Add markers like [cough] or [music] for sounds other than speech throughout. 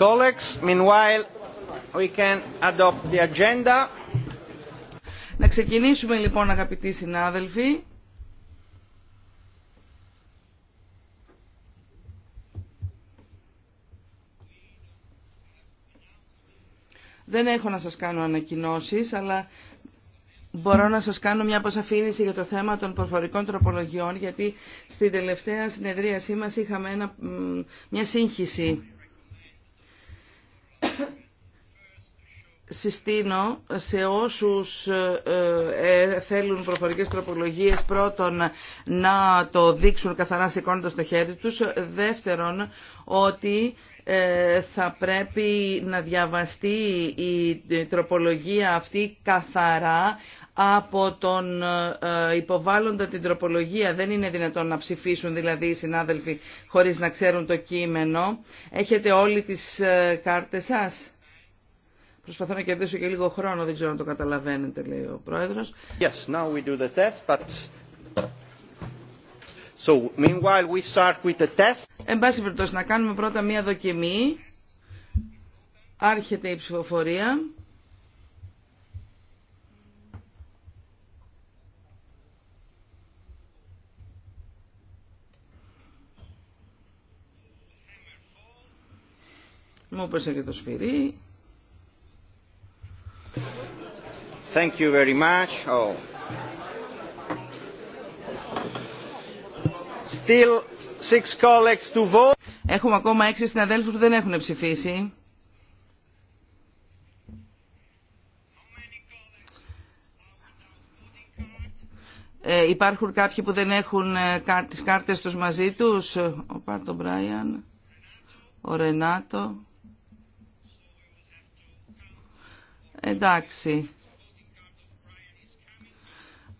Colleagues, meanwhile, we can adopt the agenda. Να ξεκινήσουμε λοιπόν αγαπητοί συνάδελφοι. Δεν έχω να σας κάνω ανακοινώσεις, αλλά μπορώ να σας κάνω μια αποσαφήνιση για το θέμα των προφορικών τροπολογιών, γιατί στη τελευταία συνεδρίασή μας είχαμε ένα, μια σύγχυση συστήνω σε όσους ε, ε, θέλουν προφορικές τροπολογίες πρώτον να το δείξουν καθαρά σηκώνοντας το χέρι τους, δεύτερον ότι ε, θα πρέπει να διαβαστεί η τροπολογία αυτή καθαρά από τον υποβάλλοντα την τροπολογία. Δεν είναι δυνατόν να ψηφίσουν δηλαδή οι συνάδελφοι χωρίς να ξέρουν το κείμενο. Έχετε όλοι τις κάρτες σας. Προσπαθώ να κερδίσω και λίγο χρόνο, δεν ξέρω αν το καταλαβαίνετε, λέει ο Πρόεδρος. Yes, now we do the test, but... So, meanwhile we start with the test. Εν πάση περιπτώσει, να κάνουμε πρώτα μία δοκιμή. Άρχεται η ψηφοφορία. Μου έπεσε και το σφυρί. Thank you very much. Oh. Still six colleagues to vote. Έχουμε ακόμα έξι συναδέλφους που δεν έχουν ψηφίσει. Ε, υπάρχουν κάποιοι που δεν έχουν ε, τις κάρτες τους μαζί τους. Ο Πάρτο Μπράιαν, ο Ρενάτο. Εντάξει.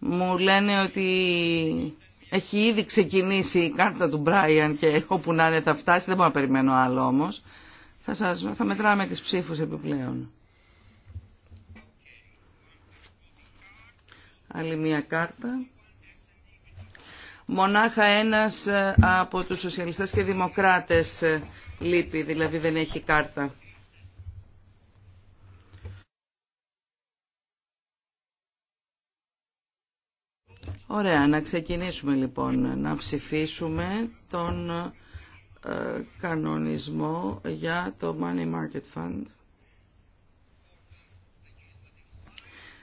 Μου λένε ότι έχει ήδη ξεκινήσει η κάρτα του Μπράιαν και όπου να είναι θα φτάσει, δεν μπορώ να περιμένω άλλο όμως. Θα, σας, θα μετράμε τις ψήφους επιπλέον. Άλλη μία κάρτα. Μονάχα ένας ε, από τους σοσιαλιστές και δημοκράτες ε, λείπει, δηλαδή δεν έχει κάρτα. Ωραία, να ξεκινήσουμε λοιπόν να ψηφίσουμε τον ε, κανονισμό για το Money Market Fund.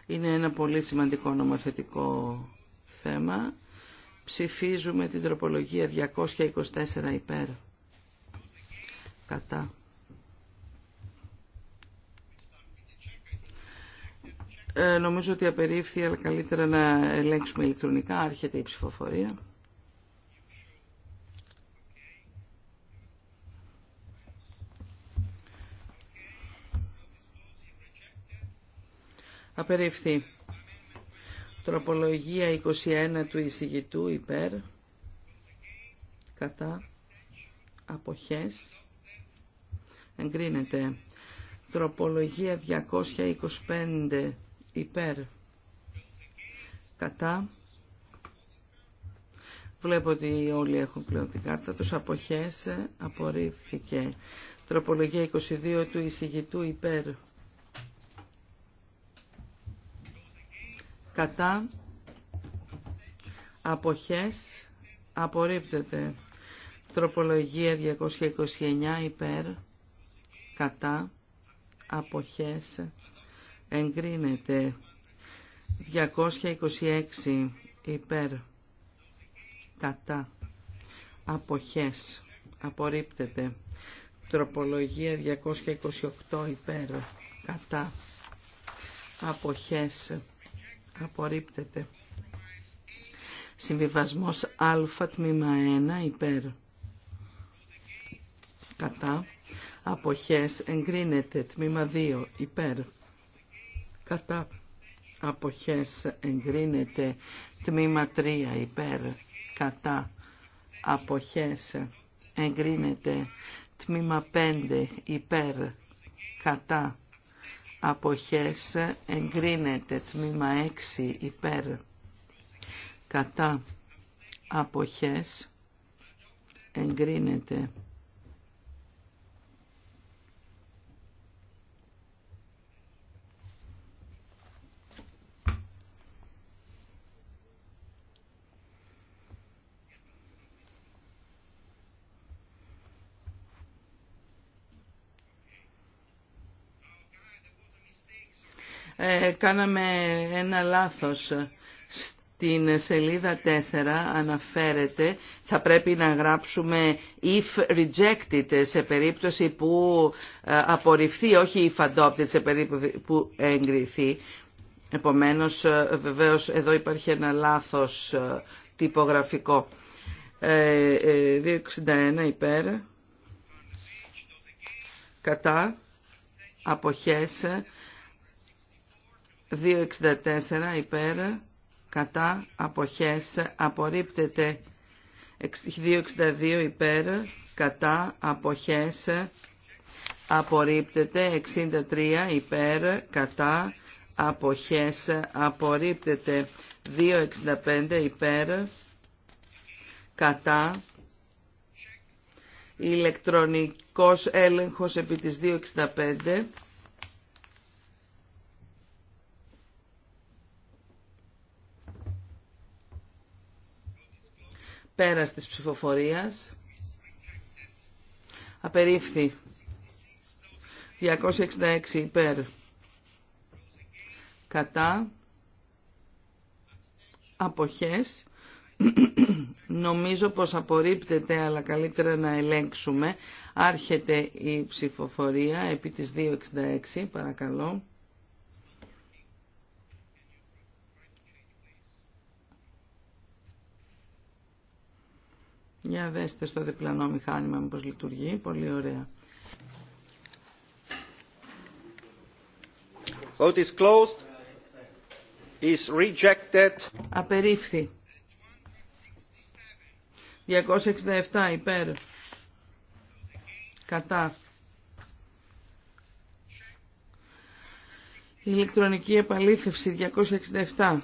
Είναι ένα πολύ σημαντικό νομοθετικό θέμα. Ψηφίζουμε την τροπολογία 224 υπέρ. Κατά. Ε, νομίζω ότι απερίφθη, αλλά καλύτερα να ελέγξουμε ηλεκτρονικά. Άρχεται η ψηφοφορία. Απερίφθη. Τροπολογία 21 του εισηγητού υπέρ. Κατά. Αποχές. Εγκρίνεται. Τροπολογία 225 υπέρ κατά βλέπω ότι όλοι έχουν πλέον την κάρτα τους αποχές απορρίφθηκε τροπολογία 22 του εισηγητού υπέρ κατά αποχές απορρίπτεται τροπολογία 229 υπέρ κατά αποχές εγκρίνεται 226 υπέρ κατά αποχές απορρίπτεται τροπολογία 228 υπέρ κατά αποχές απορρίπτεται συμβιβασμός α τμήμα 1 υπέρ κατά αποχές εγκρίνεται τμήμα 2 υπέρ κατά αποχές εγκρίνεται τμήμα 3 υπέρ κατά αποχές εγκρίνεται τμήμα 5 υπέρ κατά αποχές εγκρίνεται τμήμα 6 υπέρ κατά αποχές εγκρίνεται Ε, κάναμε ένα λάθος. Στην σελίδα 4 αναφέρεται θα πρέπει να γράψουμε if rejected σε περίπτωση που ε, απορριφθεί, όχι if adopted σε περίπτωση που εγκριθεί. Επομένως, ε, βεβαίως, εδώ υπάρχει ένα λάθος τυπογραφικό. 261 υπέρ, κατά, αποχές, 264 υπέρ κατά αποχές απορρίπτεται 262 υπέρ κατά αποχές απορρίπτεται 63 υπέρ κατά αποχές απορρίπτεται 265 υπέρ κατά ηλεκτρονικός έλεγχος επί της 265 Πέρας της ψηφοφορίας. Απερίφθη. 266 υπέρ. Κατά. Αποχές. [clears throat] Νομίζω πως απορρίπτεται, αλλά καλύτερα να ελέγξουμε. Άρχεται η ψηφοφορία επί της 266, παρακαλώ. Για δέστε στο διπλανό μηχάνημα μήπως λειτουργεί. Πολύ ωραία. Vote is closed. Is rejected. Απερίφθη. 267 υπέρ. Κατά. Ηλεκτρονική επαλήθευση 267.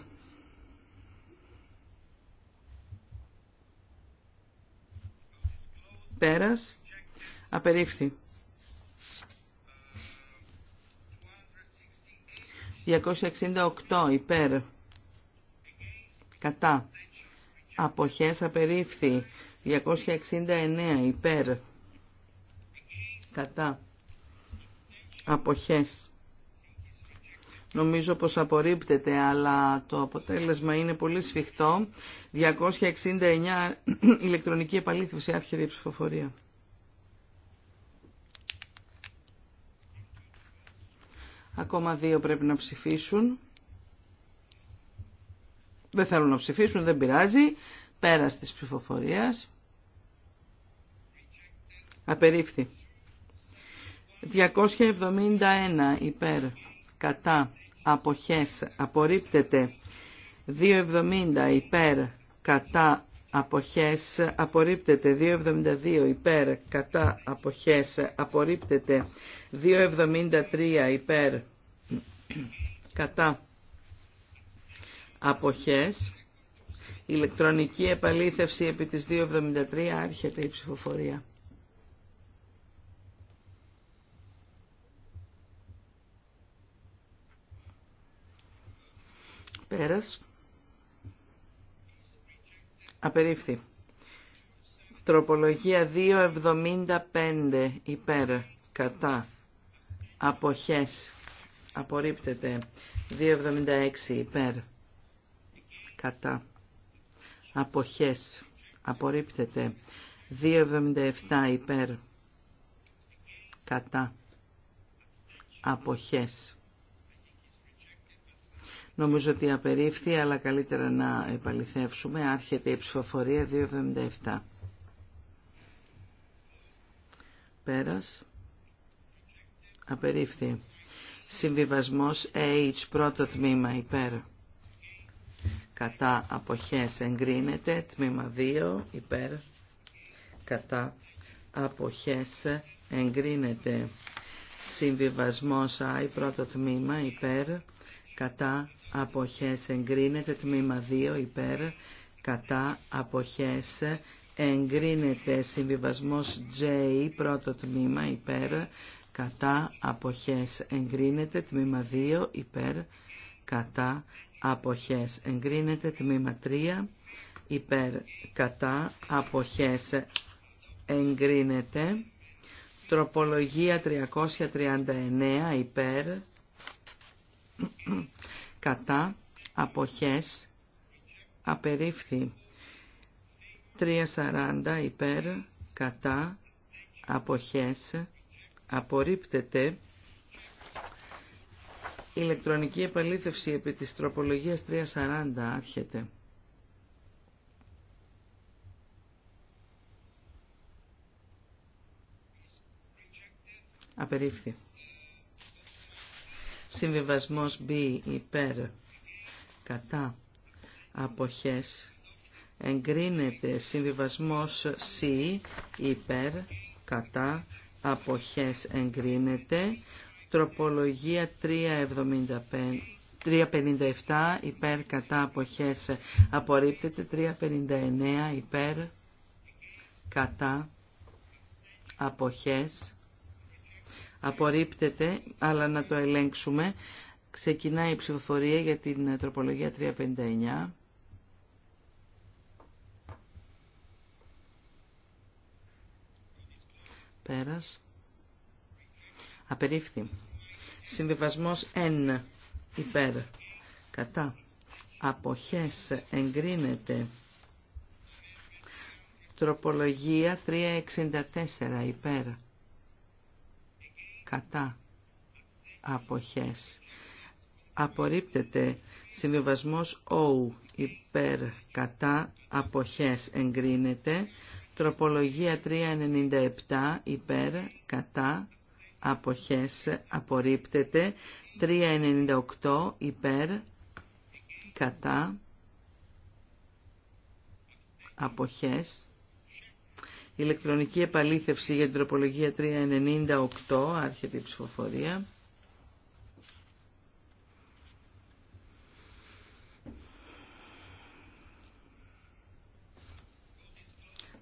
Πέρας. Απερίφθη. 268 υπέρ. Κατά. Αποχές απερίφθη. 269 υπέρ. Κατά. Αποχές νομίζω πως απορρίπτεται, αλλά το αποτέλεσμα είναι πολύ σφιχτό. 269 [clears throat] ηλεκτρονική επαλήθευση, άρχεται ψηφοφορία. Ακόμα δύο πρέπει να ψηφίσουν. Δεν θέλουν να ψηφίσουν, δεν πειράζει. Πέρας της ψηφοφορίας. Απερίφθη. 271 υπέρ κατά αποχές απορρίπτεται 2,70 υπέρ κατά αποχές απορρίπτεται 2,72 υπέρ κατά αποχές απορρίπτεται 2,73 υπέρ κατά αποχές ηλεκτρονική επαλήθευση επί της 2,73 άρχεται η ψηφοφορία Πέρας. Απερίφθη. Τροπολογία 2.75 υπέρ κατά αποχές απορρίπτεται 2.76 υπέρ κατά αποχές απορρίπτεται 2.77 υπέρ κατά αποχές Νομίζω ότι απερίφθη, αλλά καλύτερα να επαληθεύσουμε. Άρχεται η ψηφοφορία 2.77. Πέρας. Απερίφθη. Συμβιβασμός H πρώτο τμήμα υπέρ. Κατά αποχές εγκρίνεται. Τμήμα 2 υπέρ. Κατά αποχές εγκρίνεται. Συμβιβασμός I πρώτο τμήμα υπέρ κατά αποχές εγκρίνεται τμήμα 2 υπέρ κατά αποχές εγκρίνεται συμβιβασμός J πρώτο τμήμα υπέρ κατά αποχές εγκρίνεται τμήμα 2 υπέρ κατά αποχές εγκρίνεται τμήμα 3 υπέρ κατά αποχές εγκρίνεται τροπολογία 339 υπέρ κατά αποχές απερίφθη 340 υπέρ κατά αποχές απορρίπτεται ηλεκτρονική επαλήθευση επί της τροπολογίας 340 άρχεται. Απερίφθη. Συμβιβασμός B υπέρ κατά αποχές εγκρίνεται. Συμβιβασμός C υπέρ κατά αποχές εγκρίνεται. Τροπολογία 375. 357 υπέρ κατά αποχές απορρίπτεται, 359 υπέρ κατά αποχές απορρίπτεται, αλλά να το ελέγξουμε. Ξεκινάει η ψηφοφορία για την ε, τροπολογία 359. Πέρας. Απερίφθη. Συμβιβασμός 1. Υπέρ. Κατά. Αποχές εγκρίνεται. Τροπολογία 364. Υπέρ κατά αποχές. Απορρίπτεται συμβιβασμός O υπέρ κατά αποχές εγκρίνεται. Τροπολογία 397 υπέρ κατά αποχές απορρίπτεται. 398 υπέρ κατά αποχές ηλεκτρονική επαλήθευση για την τροπολογία 398, άρχεται η ψηφοφορία.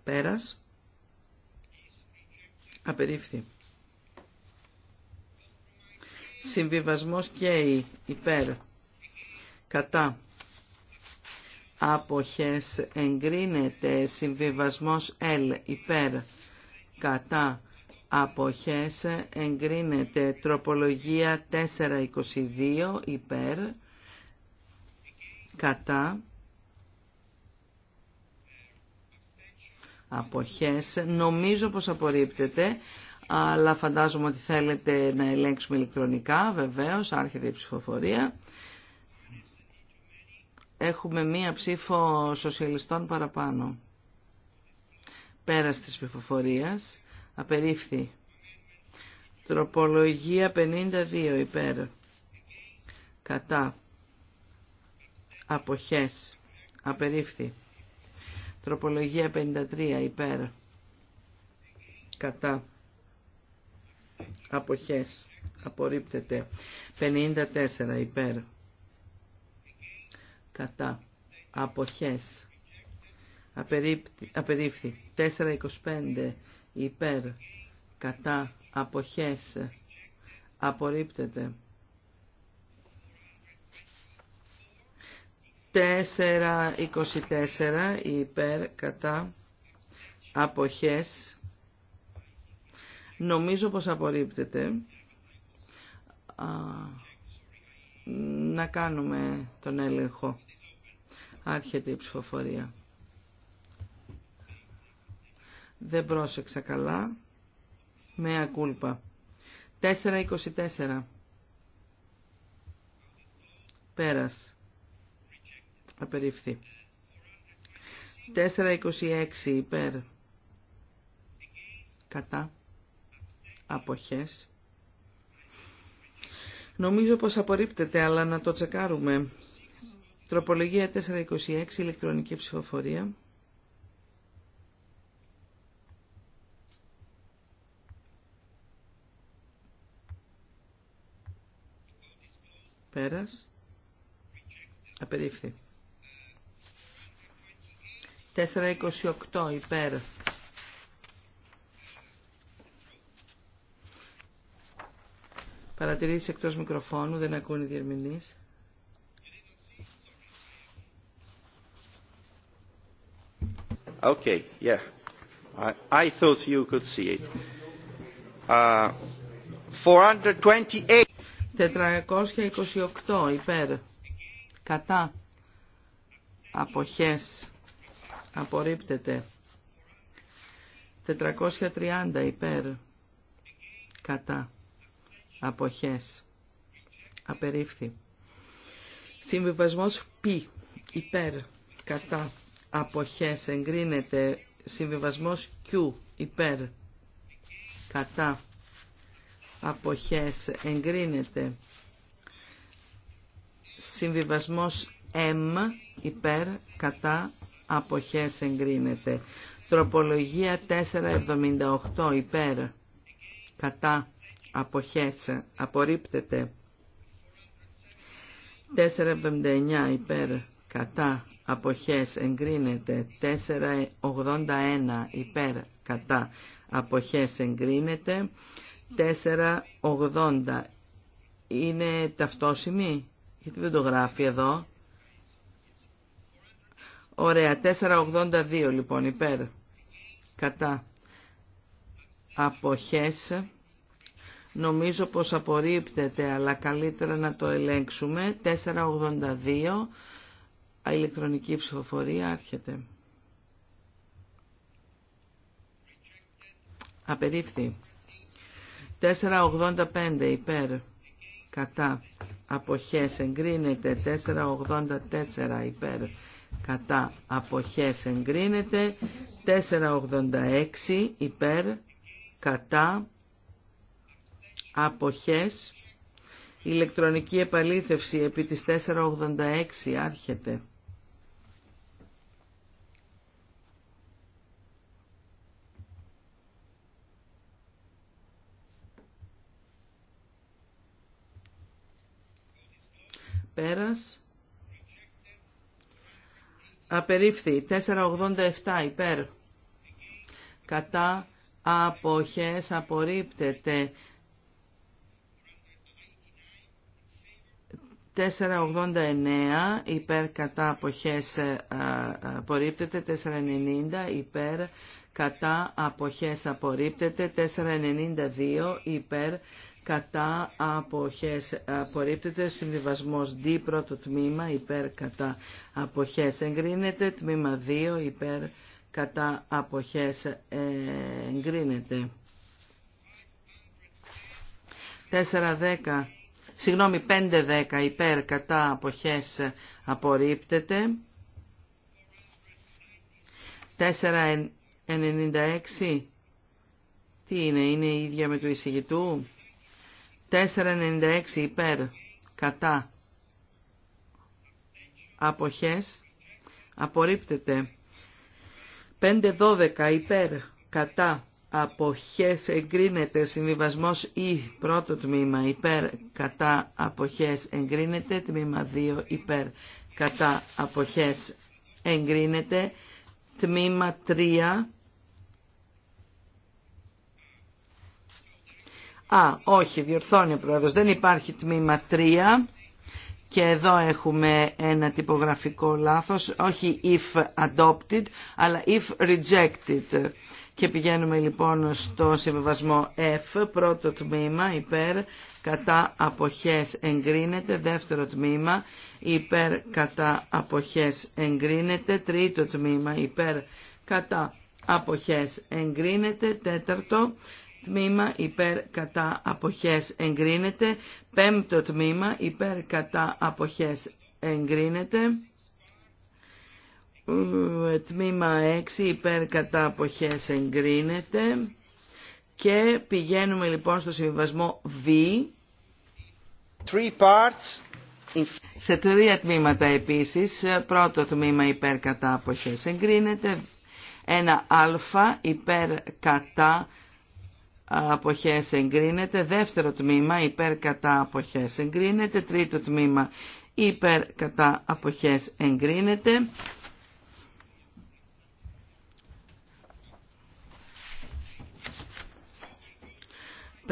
Πέρας. Απερίφθη. Συμβιβασμός και η υπέρ. Κατά αποχές εγκρίνεται συμβιβασμός L υπέρ κατά αποχές εγκρίνεται τροπολογία 422 υπέρ κατά αποχές νομίζω πως απορρίπτεται αλλά φαντάζομαι ότι θέλετε να ελέγξουμε ηλεκτρονικά βεβαίως άρχεται η ψηφοφορία Έχουμε μία ψήφο σοσιαλιστών παραπάνω. Πέρας της ψηφοφορίας απερίφθη. Τροπολογία 52 υπέρ. Κατά. Αποχές. Απερίφθη. Τροπολογία 53 υπέρ. Κατά. Αποχές. Απορρίπτεται. 54 υπέρ κατά αποχές απερίφθη 425 υπέρ κατά αποχές απορρίπτεται 424 υπέρ κατά αποχές νομίζω πως απορρίπτεται να κάνουμε τον έλεγχο. Άρχεται η ψηφοφορία. Δεν πρόσεξα καλά. Με ακούλπα. 4.24. Πέρας. Απερίφθη. 4.26 υπέρ. Κατά. Αποχές. Νομίζω πως απορρίπτεται, αλλά να το τσεκάρουμε. Τροπολογία 426, ηλεκτρονική ψηφοφορία. Πέρας. Απερίφθη. 428 υπέρ Παρατηρήσει εκτό μικροφώνου, δεν ακούν οι διερμηνείς. yeah. I, thought you could see it. Uh, 428. 428 υπέρ. Κατά. Αποχές. Απορρίπτεται. 430 υπέρ. Κατά αποχές απερίφθη συμβιβασμός π υπέρ κατά αποχές εγκρίνεται συμβιβασμός Q υπέρ κατά αποχές εγκρίνεται συμβιβασμός M υπέρ κατά αποχές εγκρίνεται τροπολογία 478 υπέρ κατά αποχές απορρίπτεται 479 υπέρ κατά αποχές εγκρίνεται 481 υπέρ κατά αποχές εγκρίνεται 480 είναι ταυτόσιμη γιατί δεν το γράφει εδώ ωραία 482 λοιπόν υπέρ κατά αποχές νομίζω πως απορρίπτεται, αλλά καλύτερα να το ελέγξουμε. 482, ηλεκτρονική ψηφοφορία, άρχεται. Απερίφθη. 485 υπέρ, κατά, αποχές εγκρίνεται. 484 υπέρ, κατά, αποχές εγκρίνεται. 486 υπέρ, κατά, αποχές, ηλεκτρονική επαλήθευση επί της 486 άρχεται. Πέρας. Απερίφθη. 487 υπέρ. Κατά αποχές απορρίπτεται. 489 ε, ε, υπέρ κατά αποχές απορρίπτεται, 490 υπέρ κατά αποχές απορρίπτεται, 492 υπέρ κατά αποχές απορρίπτεται, συμβιβασμός D πρώτο τμήμα υπέρ κατά αποχές εγκρίνεται, τμήμα 2 υπέρ κατά αποχές ε, εγκρίνεται. 410 συγγνώμη 5-10 υπέρ κατά αποχές απορρίπτεται. 4-96 τι είναι, είναι η ίδια με του εισηγητού. 4-96 υπέρ κατά αποχές απορρίπτεται. 5-12 υπέρ κατά αποχές εγκρίνεται συμβιβασμός ή πρώτο τμήμα υπέρ κατά αποχές εγκρίνεται τμήμα 2 υπέρ κατά αποχές εγκρίνεται τμήμα 3 Α, όχι, διορθώνει ο Πρόεδρος. Δεν υπάρχει τμήμα 3 και εδώ έχουμε ένα τυπογραφικό λάθος. Όχι if adopted, αλλά if rejected. Και πηγαίνουμε λοιπόν στο συμβιβασμό F, πρώτο τμήμα υπέρ κατά αποχές εγκρίνεται, δεύτερο τμήμα υπέρ κατά αποχές εγκρίνεται, τρίτο τμήμα υπέρ κατά αποχές εγκρίνεται, τέταρτο τμήμα υπέρ κατά αποχές εγκρίνεται, πέμπτο τμήμα υπέρ κατά αποχές εγκρίνεται. Ε, τμήμα 6 υπέρ κατά αποχές εγκρίνεται και πηγαίνουμε λοιπόν στο συμβιβασμό V. σε τρία τμήματα επίσης πρώτο τμήμα υπέρ κατά αποχές εγκρίνεται ένα α υπέρ κατά αποχές εγκρίνεται δεύτερο τμήμα υπέρ κατά αποχές εγκρίνεται τρίτο τμήμα υπέρ κατά αποχές εγκρίνεται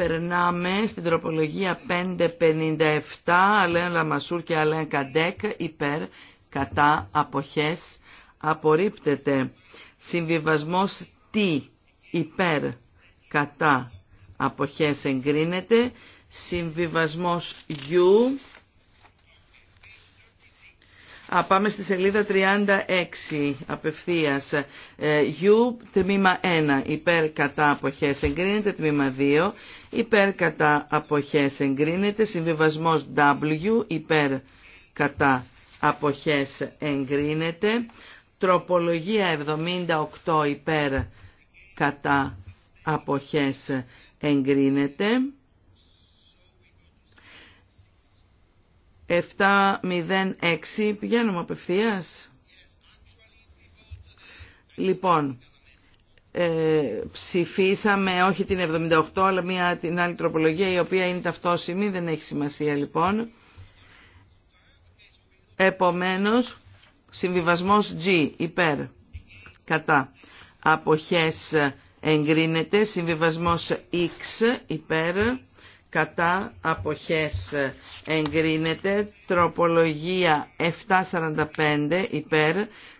Περνάμε στην τροπολογία 557, Αλέν Λαμασούρ και Αλέν Καντέκ, υπέρ, κατά, αποχές, απορρίπτεται. Συμβιβασμός τι, υπέρ, κατά, αποχές εγκρίνεται. Συμβιβασμός γιου, Α, πάμε στη σελίδα 36 απευθείας. U, ε, τμήμα 1, υπέρ κατά αποχές εγκρίνεται, τμήμα 2, υπέρ κατά αποχές εγκρίνεται, συμβιβασμός W, υπέρ κατά αποχές εγκρίνεται, τροπολογία 78 υπέρ κατά αποχές εγκρίνεται, 706. Πηγαίνουμε απευθείας. Λοιπόν, ε, ψηφίσαμε όχι την 78 αλλά μια, την άλλη τροπολογία η οποία είναι ταυτόσιμη, δεν έχει σημασία λοιπόν. Επομένως, συμβιβασμός G υπέρ κατά αποχές ε, εγκρίνεται, συμβιβασμός X υπέρ κατά αποχές εγκρίνεται, τροπολογία 745 υπέρ,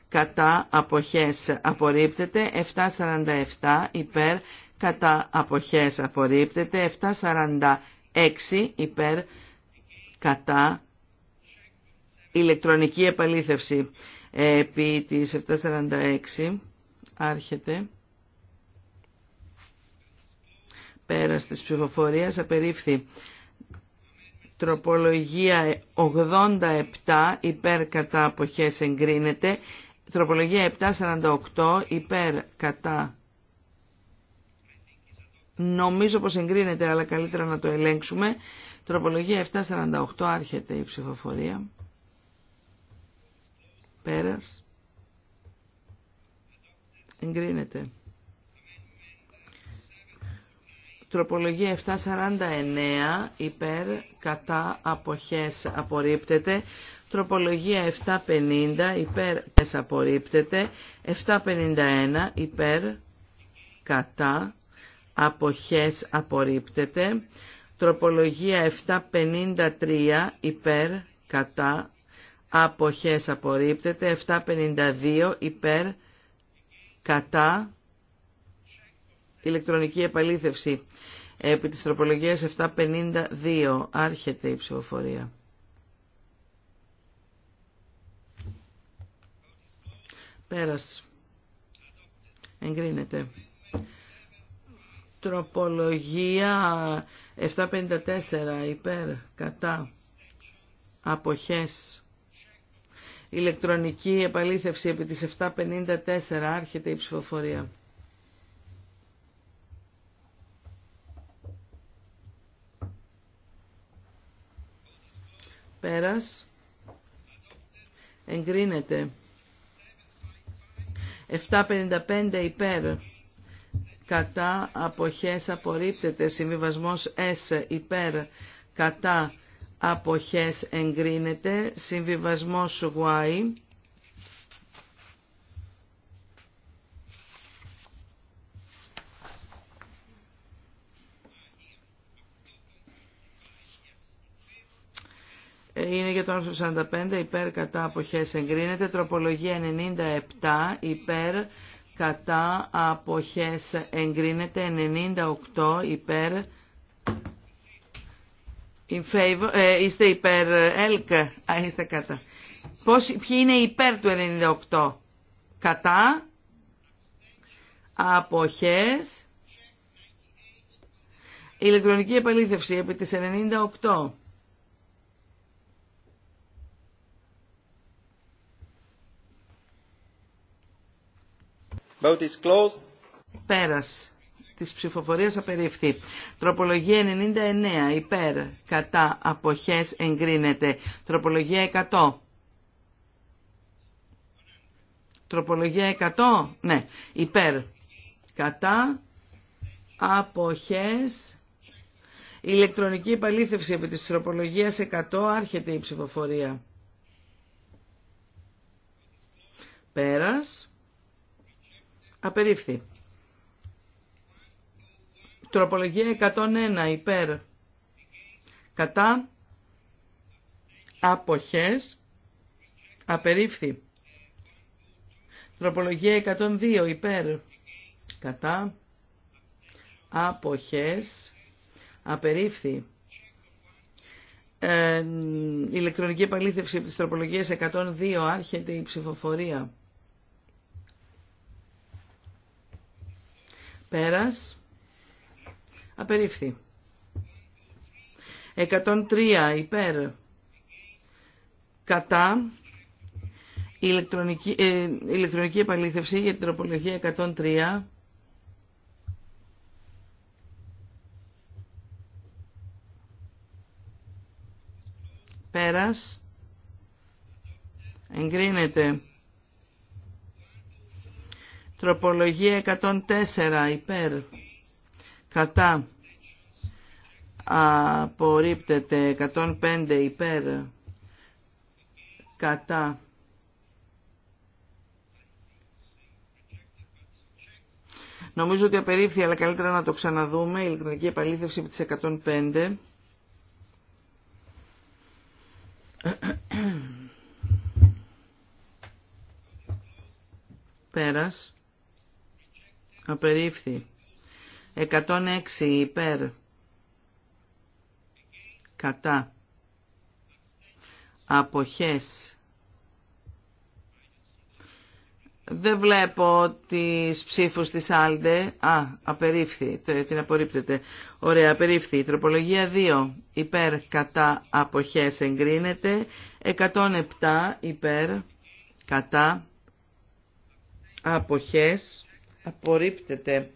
κατά αποχές απορρίπτεται, 747 υπέρ, κατά αποχές απορρίπτεται, 746 υπέρ, κατά ηλεκτρονική επαλήθευση. Επί της 746 άρχεται. Πέρας της ψηφοφορίας απερίφθη. Τροπολογία 87 υπέρ κατά αποχές εγκρίνεται. Τροπολογία 748 υπέρ κατά Νομίζω πως εγκρίνεται, αλλά καλύτερα να το ελέγξουμε. Τροπολογία 748 άρχεται η ψηφοφορία. Πέρας. Εγκρίνεται. Τροπολογία 749 υπέρ κατά αποχές απορρίπτεται. Τροπολογία 750 υπέρ τες απορρίπτεται. 751 υπέρ κατά αποχές απορρίπτεται. Τροπολογία 753 υπέρ κατά αποχές απορρίπτεται. 752 υπέρ κατά ηλεκτρονική επαλήθευση επί της τροπολογίας 752 άρχεται η ψηφοφορία. Πέρας. Εγκρίνεται. Τροπολογία 754 υπέρ κατά αποχές. Ηλεκτρονική επαλήθευση επί της 754 άρχεται η ψηφοφορία. Πέρας. Εγκρίνεται. 755 υπέρ. Κατά αποχές απορρίπτεται. Συμβιβασμός S υπέρ. Κατά αποχές εγκρίνεται. Συμβιβασμός Y για τον άρθρο 45 υπέρ κατά αποχές εγκρίνεται. Τροπολογία 97 υπέρ κατά αποχές εγκρίνεται. 98 υπέρ In favor, ε, είστε υπέρ ΕΛΚ, α, είστε κατά. Πώς, ποιοι είναι υπέρ του 98. Κατά, αποχές, ηλεκτρονική επαλήθευση επί της 98. Vote is closed. Πέρας της ψηφοφορίας απεριφθεί. Τροπολογία 99 υπέρ κατά αποχές εγκρίνεται. Τροπολογία 100. Τροπολογία 100, ναι, υπέρ, κατά, αποχές, ηλεκτρονική υπαλήθευση επί της τροπολογίας 100, άρχεται η ψηφοφορία. Πέρας. Απερίφθη. Τροπολογία 101 υπέρ κατά αποχές απερίφθη. Τροπολογία 102 υπέρ κατά αποχές απερίφθη. Ε, ηλεκτρονική επαλήθευση της τροπολογίας 102 άρχεται η ψηφοφορία. Πέρας. Απερίφθη. 103 υπέρ. Κατά. Ηλεκτρονική, ε, ηλεκτρονική επαλήθευση για την τροπολογία 103. Πέρας. Εγκρίνεται. Τροπολογία 104 υπέρ κατά απορρίπτεται 105 υπέρ κατά Νομίζω ότι απερίφθη, αλλά καλύτερα να το ξαναδούμε. Η ηλεκτρονική επαλήθευση της 105. Πέρας. Απερίφθη. 106 υπέρ. Κατά. Αποχές. Δεν βλέπω τις ψήφους της Άλντε. Α, απερίφθη. Την απορρίπτεται. Ωραία, απερίφθη. τροπολογία 2. Υπέρ κατά αποχές εγκρίνεται. 107 υπέρ κατά αποχές απορρίπτεται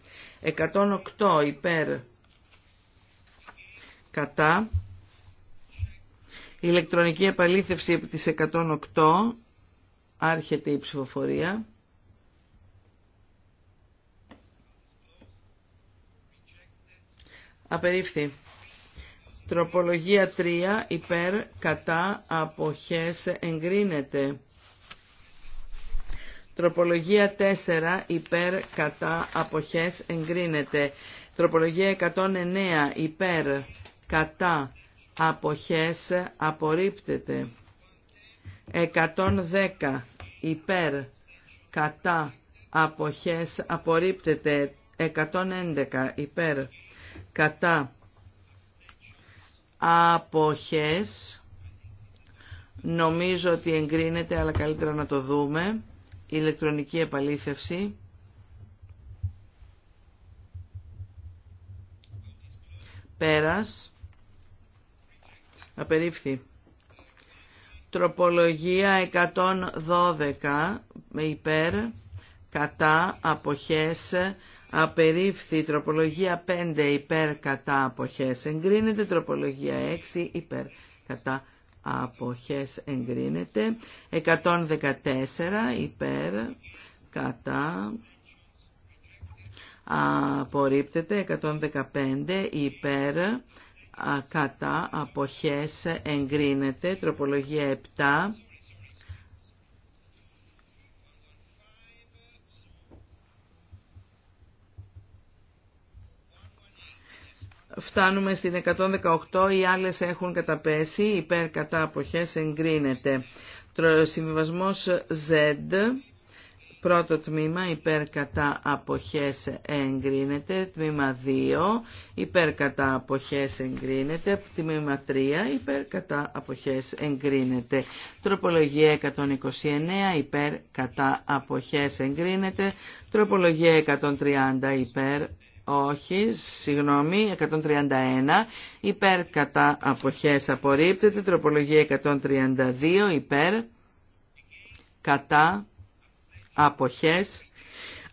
108 υπέρ κατά ηλεκτρονική επαλήθευση επί της 108 άρχεται η ψηφοφορία απερίφθη τροπολογία 3 υπέρ κατά αποχές εγκρίνεται Τροπολογία 4 υπέρ κατά αποχές εγκρίνεται. Τροπολογία 109 υπέρ κατά αποχές απορρίπτεται. 110 υπέρ κατά αποχές απορρίπτεται. 111 υπέρ κατά αποχές νομίζω ότι εγκρίνεται αλλά καλύτερα να το δούμε ηλεκτρονική επαλήθευση. Πέρας. Απερίφθη. Τροπολογία 112 υπέρ, κατά, αποχές, απερίφθη. Τροπολογία 5 υπέρ, κατά, αποχές. Εγκρίνεται τροπολογία 6 υπέρ, κατά, αποχές εγκρίνεται 114 υπέρ κατά απορρίπτεται 115 υπέρ κατά αποχές εγκρίνεται τροπολογία 7 Φτάνουμε στην 118, οι άλλες έχουν καταπέσει, υπέρ κατά αποχές εγκρίνεται. Συμβιβασμός Z, πρώτο τμήμα, υπέρ κατά αποχές εγκρίνεται. Τμήμα 2, υπέρ κατά αποχές εγκρίνεται. Τμήμα 3, υπέρ κατά αποχές εγκρίνεται. Τροπολογία 129, υπέρ κατά αποχές εγκρίνεται. Τροπολογία 130, υπέρ όχι, συγγνώμη, 131, υπέρ κατά αποχές απορρίπτεται, τροπολογία 132, υπέρ κατά αποχές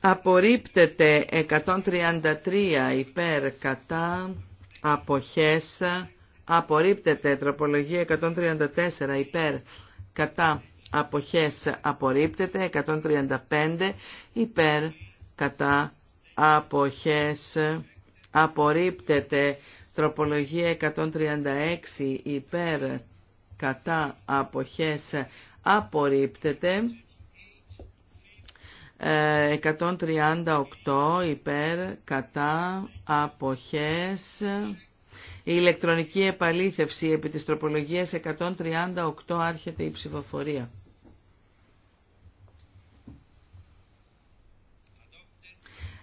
απορρίπτεται, 133, υπέρ κατά αποχές απορρίπτεται, τροπολογία 134, υπέρ κατά αποχές απορρίπτεται, 135, υπέρ κατά αποχές απορρίπτεται τροπολογία 136 υπέρ κατά αποχές απορρίπτεται 138 ε, υπέρ κατά αποχές η ηλεκτρονική επαλήθευση επί της τροπολογίας 138 άρχεται η ψηφοφορία.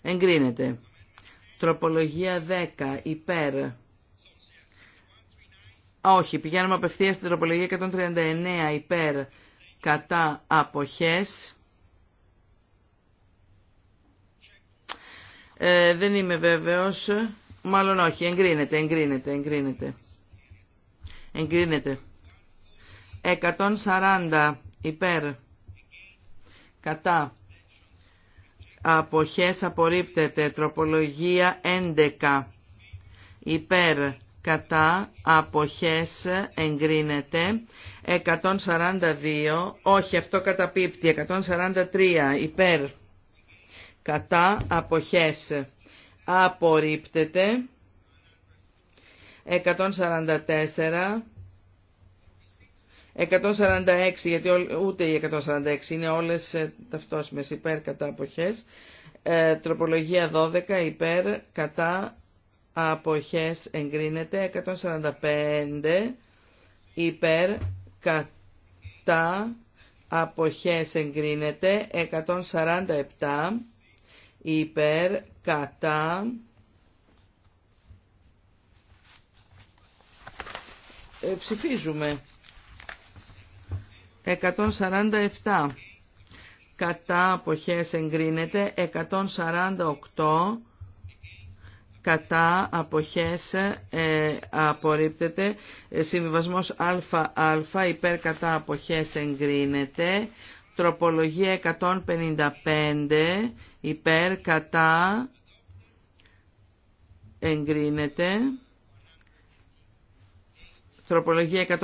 εγκρίνεται. Τροπολογία 10 υπέρ. Όχι, πηγαίνουμε απευθείας στην τροπολογία 139 υπέρ κατά αποχές. Ε, δεν είμαι βέβαιος. Μάλλον όχι, εγκρίνεται, εγκρίνεται, εγκρίνεται. Εγκρίνεται. 140 υπέρ κατά αποχές απορρίπτεται. Τροπολογία 11 υπέρ κατά αποχές εγκρίνεται 142 όχι αυτό καταπίπτει 143 υπέρ κατά αποχές απορρίπτεται 144 146, γιατί ούτε οι 146 είναι όλες ε, ταυτόσιμες υπέρ κατά αποχές. Ε, τροπολογία 12 υπέρ κατά αποχές εγκρίνεται. 145 υπέρ κατά αποχές εγκρίνεται. 147 υπέρ κατά ε, ψηφίζουμε. 147 κατά αποχές εγκρίνεται 148 κατά αποχές ε, απορρίπτεται ε, συμβιβασμός ΑΑ υπέρ κατά αποχές εγκρίνεται τροπολογία 155 υπέρ κατά εγκρίνεται Τροπολογία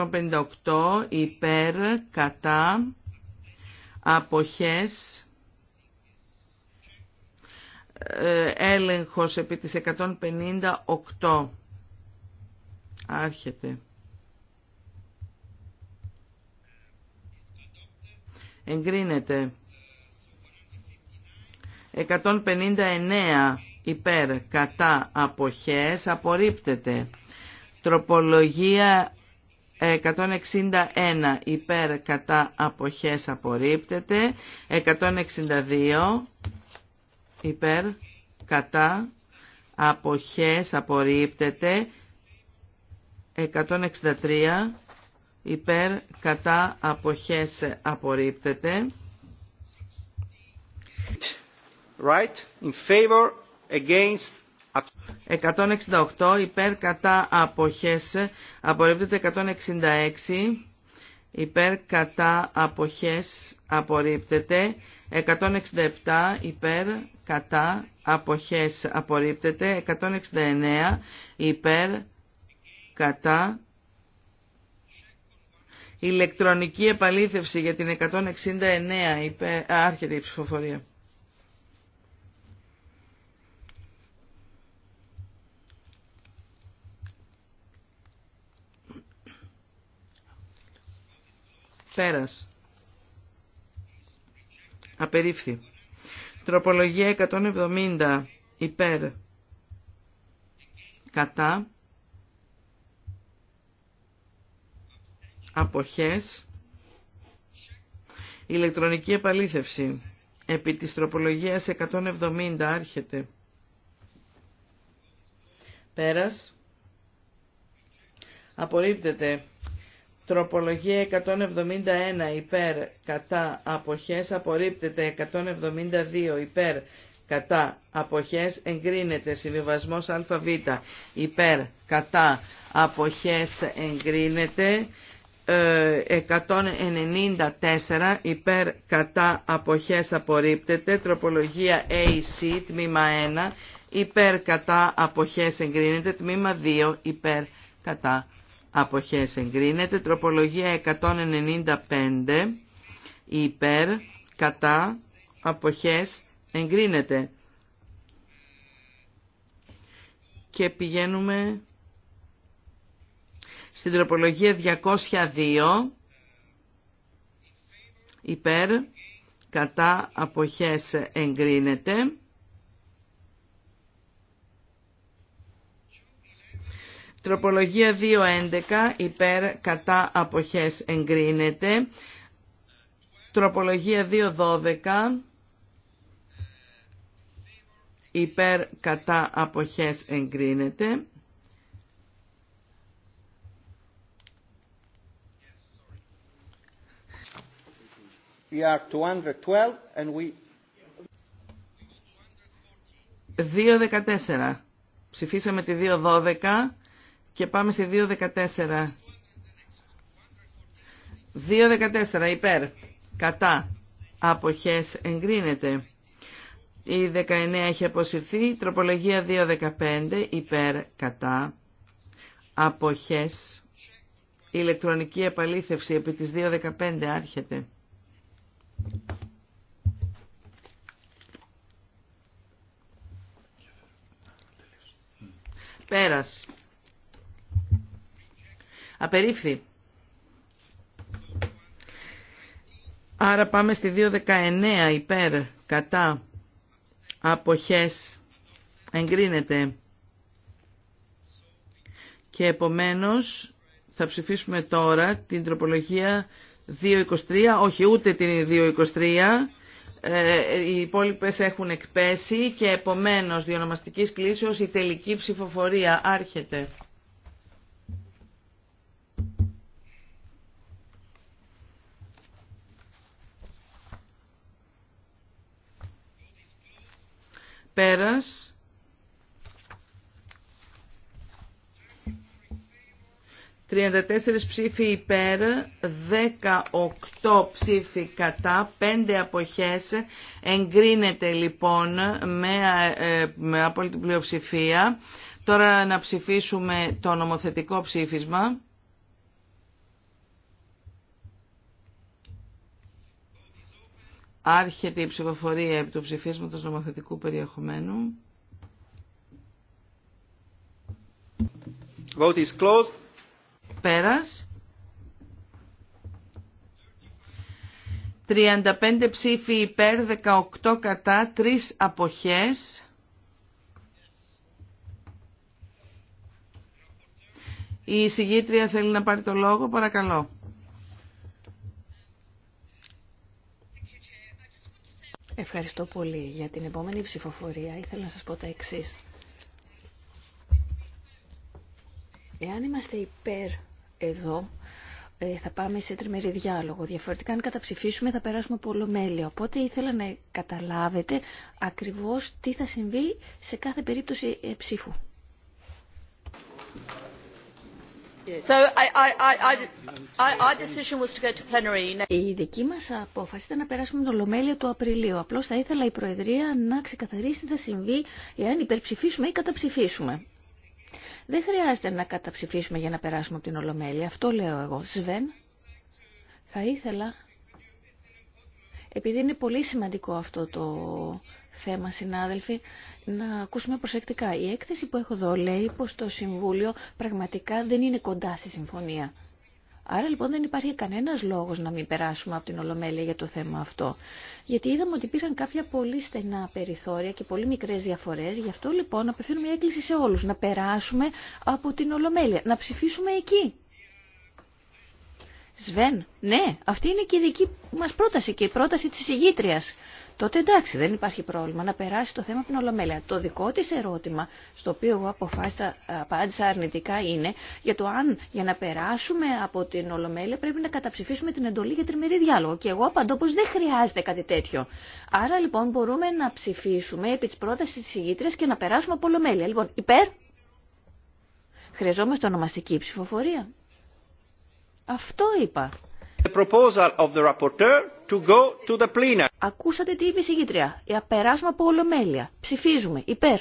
158 υπέρ κατά αποχές ε, έλεγχος επί της 158 άρχεται εγκρίνεται 159 υπέρ κατά αποχές απορρίπτεται τροπολογία 161 υπέρ κατά αποχές απορρίπτεται. 162 υπέρ κατά αποχές απορρίπτεται. 163 υπέρ κατά αποχές απορρίπτεται. Right, in favor, against... 168 υπέρ κατά αποχές απορρίπτεται 166 υπέρ κατά αποχές απορρίπτεται 167 υπέρ κατά αποχές απορρίπτεται 169 υπέρ κατά ηλεκτρονική επαλήθευση για την 169 υπέρ, άρχεται η ψηφοφορία Πέρας. Απερίφθη. Τροπολογία 170. Υπέρ. Κατά. Αποχές. Ηλεκτρονική επαλήθευση. Επί της τροπολογίας 170 άρχεται. Πέρας. Απορρίπτεται. Τροπολογία 171 υπέρ κατά αποχές απορρίπτεται 172 υπέρ κατά αποχές εγκρίνεται συμβιβασμός ΑΒ υπέρ κατά αποχές εγκρίνεται 194 ε, υπέρ κατά αποχές απορρίπτεται τροπολογία AC τμήμα 1 υπέρ κατά αποχές εγκρίνεται τμήμα 2 υπέρ κατά αποχές εγκρίνεται. Τροπολογία 195 υπέρ κατά αποχές εγκρίνεται. Και πηγαίνουμε στην τροπολογία 202 υπέρ κατά αποχές εγκρίνεται. Τροπολογία 2.11 υπέρ κατά αποχές εγκρίνεται. Τροπολογία 2.12 υπέρ κατά αποχές εγκρίνεται. We 212 and we... 2.14. Ψηφίσαμε τη 2.12 και πάμε στη 2.14. 2.14 υπέρ. Κατά. Αποχές εγκρίνεται. Η 19 έχει αποσυρθεί. Τροπολογία 2.15 υπέρ. Κατά. Αποχές. Ηλεκτρονική επαλήθευση επί της 2.15 άρχεται. Πέρας. Απερίφθη. Άρα πάμε στη 2.19 υπέρ, κατά, αποχές, εγκρίνεται. Και επομένως θα ψηφίσουμε τώρα την τροπολογία 2.23, όχι ούτε την 2.23, ε, οι υπόλοιπε έχουν εκπέσει και επομένως διονομαστικής κλήσεως η τελική ψηφοφορία άρχεται. Πέρας. 34 ψήφοι υπέρ, 18 ψήφοι κατά, 5 αποχές. Εγκρίνεται λοιπόν με, ε, με απόλυτη πλειοψηφία. Τώρα να ψηφίσουμε το νομοθετικό ψήφισμα. Άρχεται η ψηφοφορία επί του ψηφίσματος νομοθετικού περιεχομένου. Vote is closed. Πέρας. 35 ψήφοι υπέρ, 18 κατά, 3 αποχές. Η εισηγήτρια θέλει να πάρει το λόγο, παρακαλώ. Ευχαριστώ πολύ. Για την επόμενη ψηφοφορία ήθελα να σας πω τα εξής. Εάν είμαστε υπέρ εδώ, ε, θα πάμε σε τριμερή διάλογο. Διαφορετικά, αν καταψηφίσουμε, θα περάσουμε από Οπότε ήθελα να καταλάβετε ακριβώς τι θα συμβεί σε κάθε περίπτωση ε, ψήφου. Η δική μα απόφαση ήταν να περάσουμε την Ολομέλεια του Απριλίου. Απλώ θα ήθελα η Προεδρία να ξεκαθαρίσει τι θα συμβεί εάν υπερψηφίσουμε ή καταψηφίσουμε. Δεν χρειάζεται να καταψηφίσουμε για να περάσουμε από την Ολομέλεια. Αυτό λέω εγώ. Σβέν, θα ήθελα, επειδή είναι πολύ σημαντικό αυτό το θέμα, συνάδελφοι, να ακούσουμε προσεκτικά. Η έκθεση που έχω εδώ λέει πως το Συμβούλιο πραγματικά δεν είναι κοντά στη συμφωνία. Άρα λοιπόν δεν υπάρχει κανένας λόγος να μην περάσουμε από την Ολομέλεια για το θέμα αυτό. Γιατί είδαμε ότι υπήρχαν κάποια πολύ στενά περιθώρια και πολύ μικρές διαφορές. Γι' αυτό λοιπόν απευθύνουμε η έκκληση σε όλους να περάσουμε από την Ολομέλεια, να ψηφίσουμε εκεί. Σβέν, ναι, αυτή είναι και η δική μας πρόταση και η πρόταση της ηγήτριας τότε εντάξει δεν υπάρχει πρόβλημα να περάσει το θέμα από την Ολομέλεια. Το δικό της ερώτημα στο οποίο εγώ αποφάσισα, απάντησα αρνητικά είναι για το αν για να περάσουμε από την Ολομέλεια πρέπει να καταψηφίσουμε την εντολή για τριμερή διάλογο. Και εγώ απαντώ πως δεν χρειάζεται κάτι τέτοιο. Άρα λοιπόν μπορούμε να ψηφίσουμε επί της πρότασης της ηγήτρες και να περάσουμε από Ολομέλεια. Λοιπόν, υπέρ. Χρειαζόμαστε ονομαστική ψηφοφορία. Αυτό είπα. The proposal of the rapporteur to go to the Ακούσατε τι είπε η συγκήτρια. Για περάσουμε από ολομέλεια. Ψηφίζουμε. Υπέρ.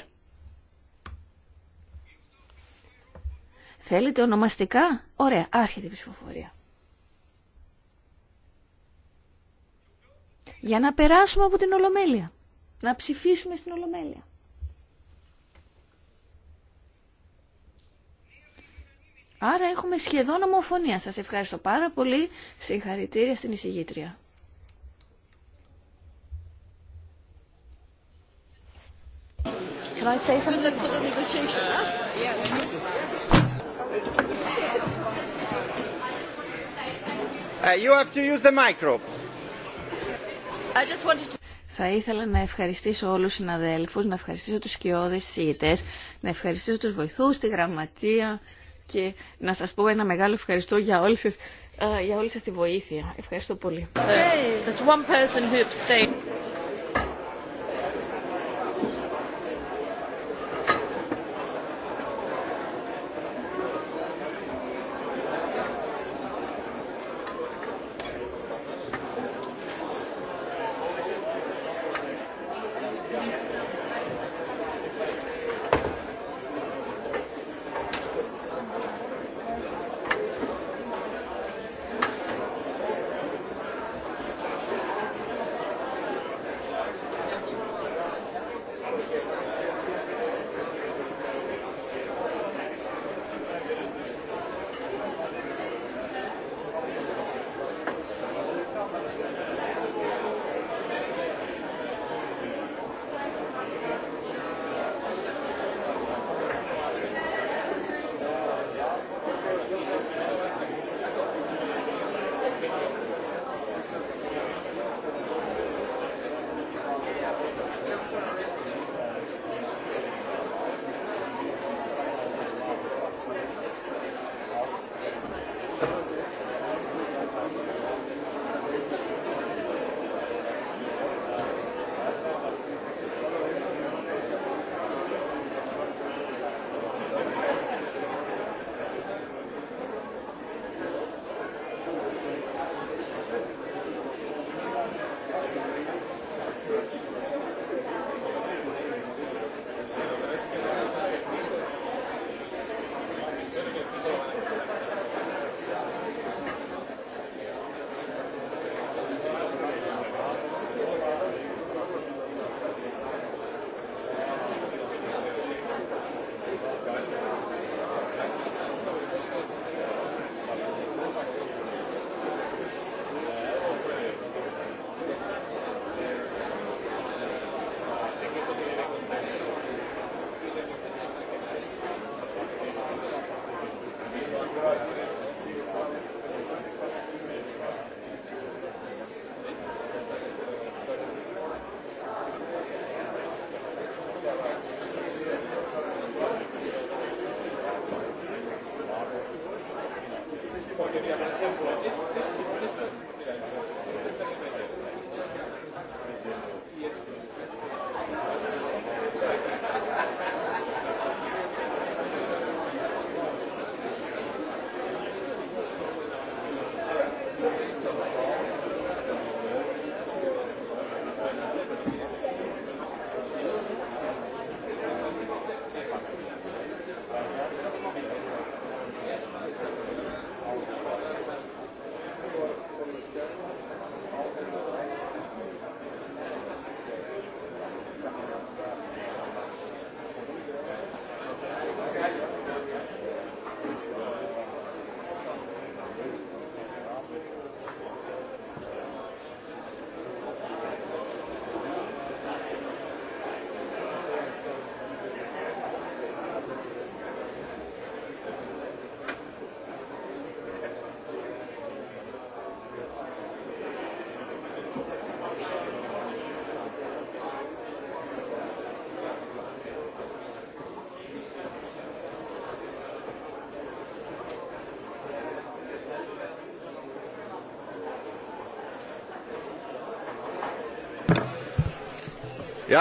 Θέλετε ονομαστικά. Ωραία. Άρχεται η ψηφοφορία. Για να περάσουμε από την Ολομέλεια. Να ψηφίσουμε στην Ολομέλεια. Άρα έχουμε σχεδόν ομοφωνία. Σας ευχαριστώ πάρα πολύ. Συγχαρητήρια στην εισηγήτρια. say something? Uh, you have to use the Θα ήθελα να ευχαριστήσω όλους τους συναδέλφους, να ευχαριστήσω τους σκιώδες σίτες, να ευχαριστήσω τους βοηθούς, τη γραμματεία και να σας πω ένα μεγάλο ευχαριστώ για όλη σας, ε, για όλη σας τη βοήθεια. Ευχαριστώ πολύ.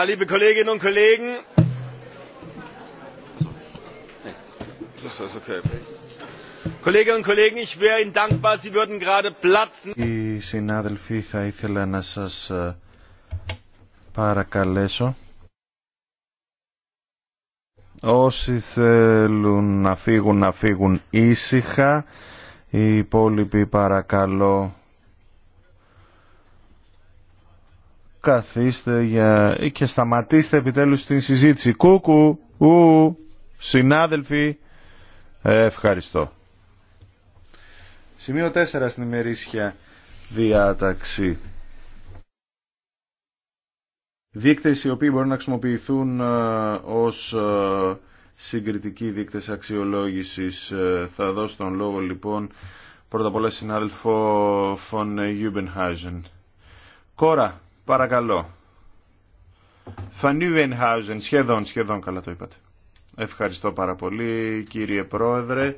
liebe Kolleginnen und Kollegen. Kolleginnen und Kollegen, ich wäre Ihnen dankbar, Sie würden gerade platzen. Οι συνάδελφοι θα ήθελα να σας παρακαλέσω. Όσοι θέλουν να φύγουν, να φύγουν ήσυχα. Οι υπόλοιποι παρακαλώ καθίστε για... και σταματήστε επιτέλους την συζήτηση. Κούκου, ου, συνάδελφοι, ε, ευχαριστώ. Σημείο 4 στην ημερήσια διάταξη. Δείκτες οι οποίοι μπορούν να χρησιμοποιηθούν ε, ως ε, συγκριτικοί δείκτες αξιολόγησης. Θα δώσω τον λόγο λοιπόν πρώτα απ' όλα συνάδελφο Φων Κόρα, Παρακαλώ. Χάουζεν, σχεδόν, σχεδόν καλά το είπατε. Ευχαριστώ πάρα πολύ κύριε Πρόεδρε.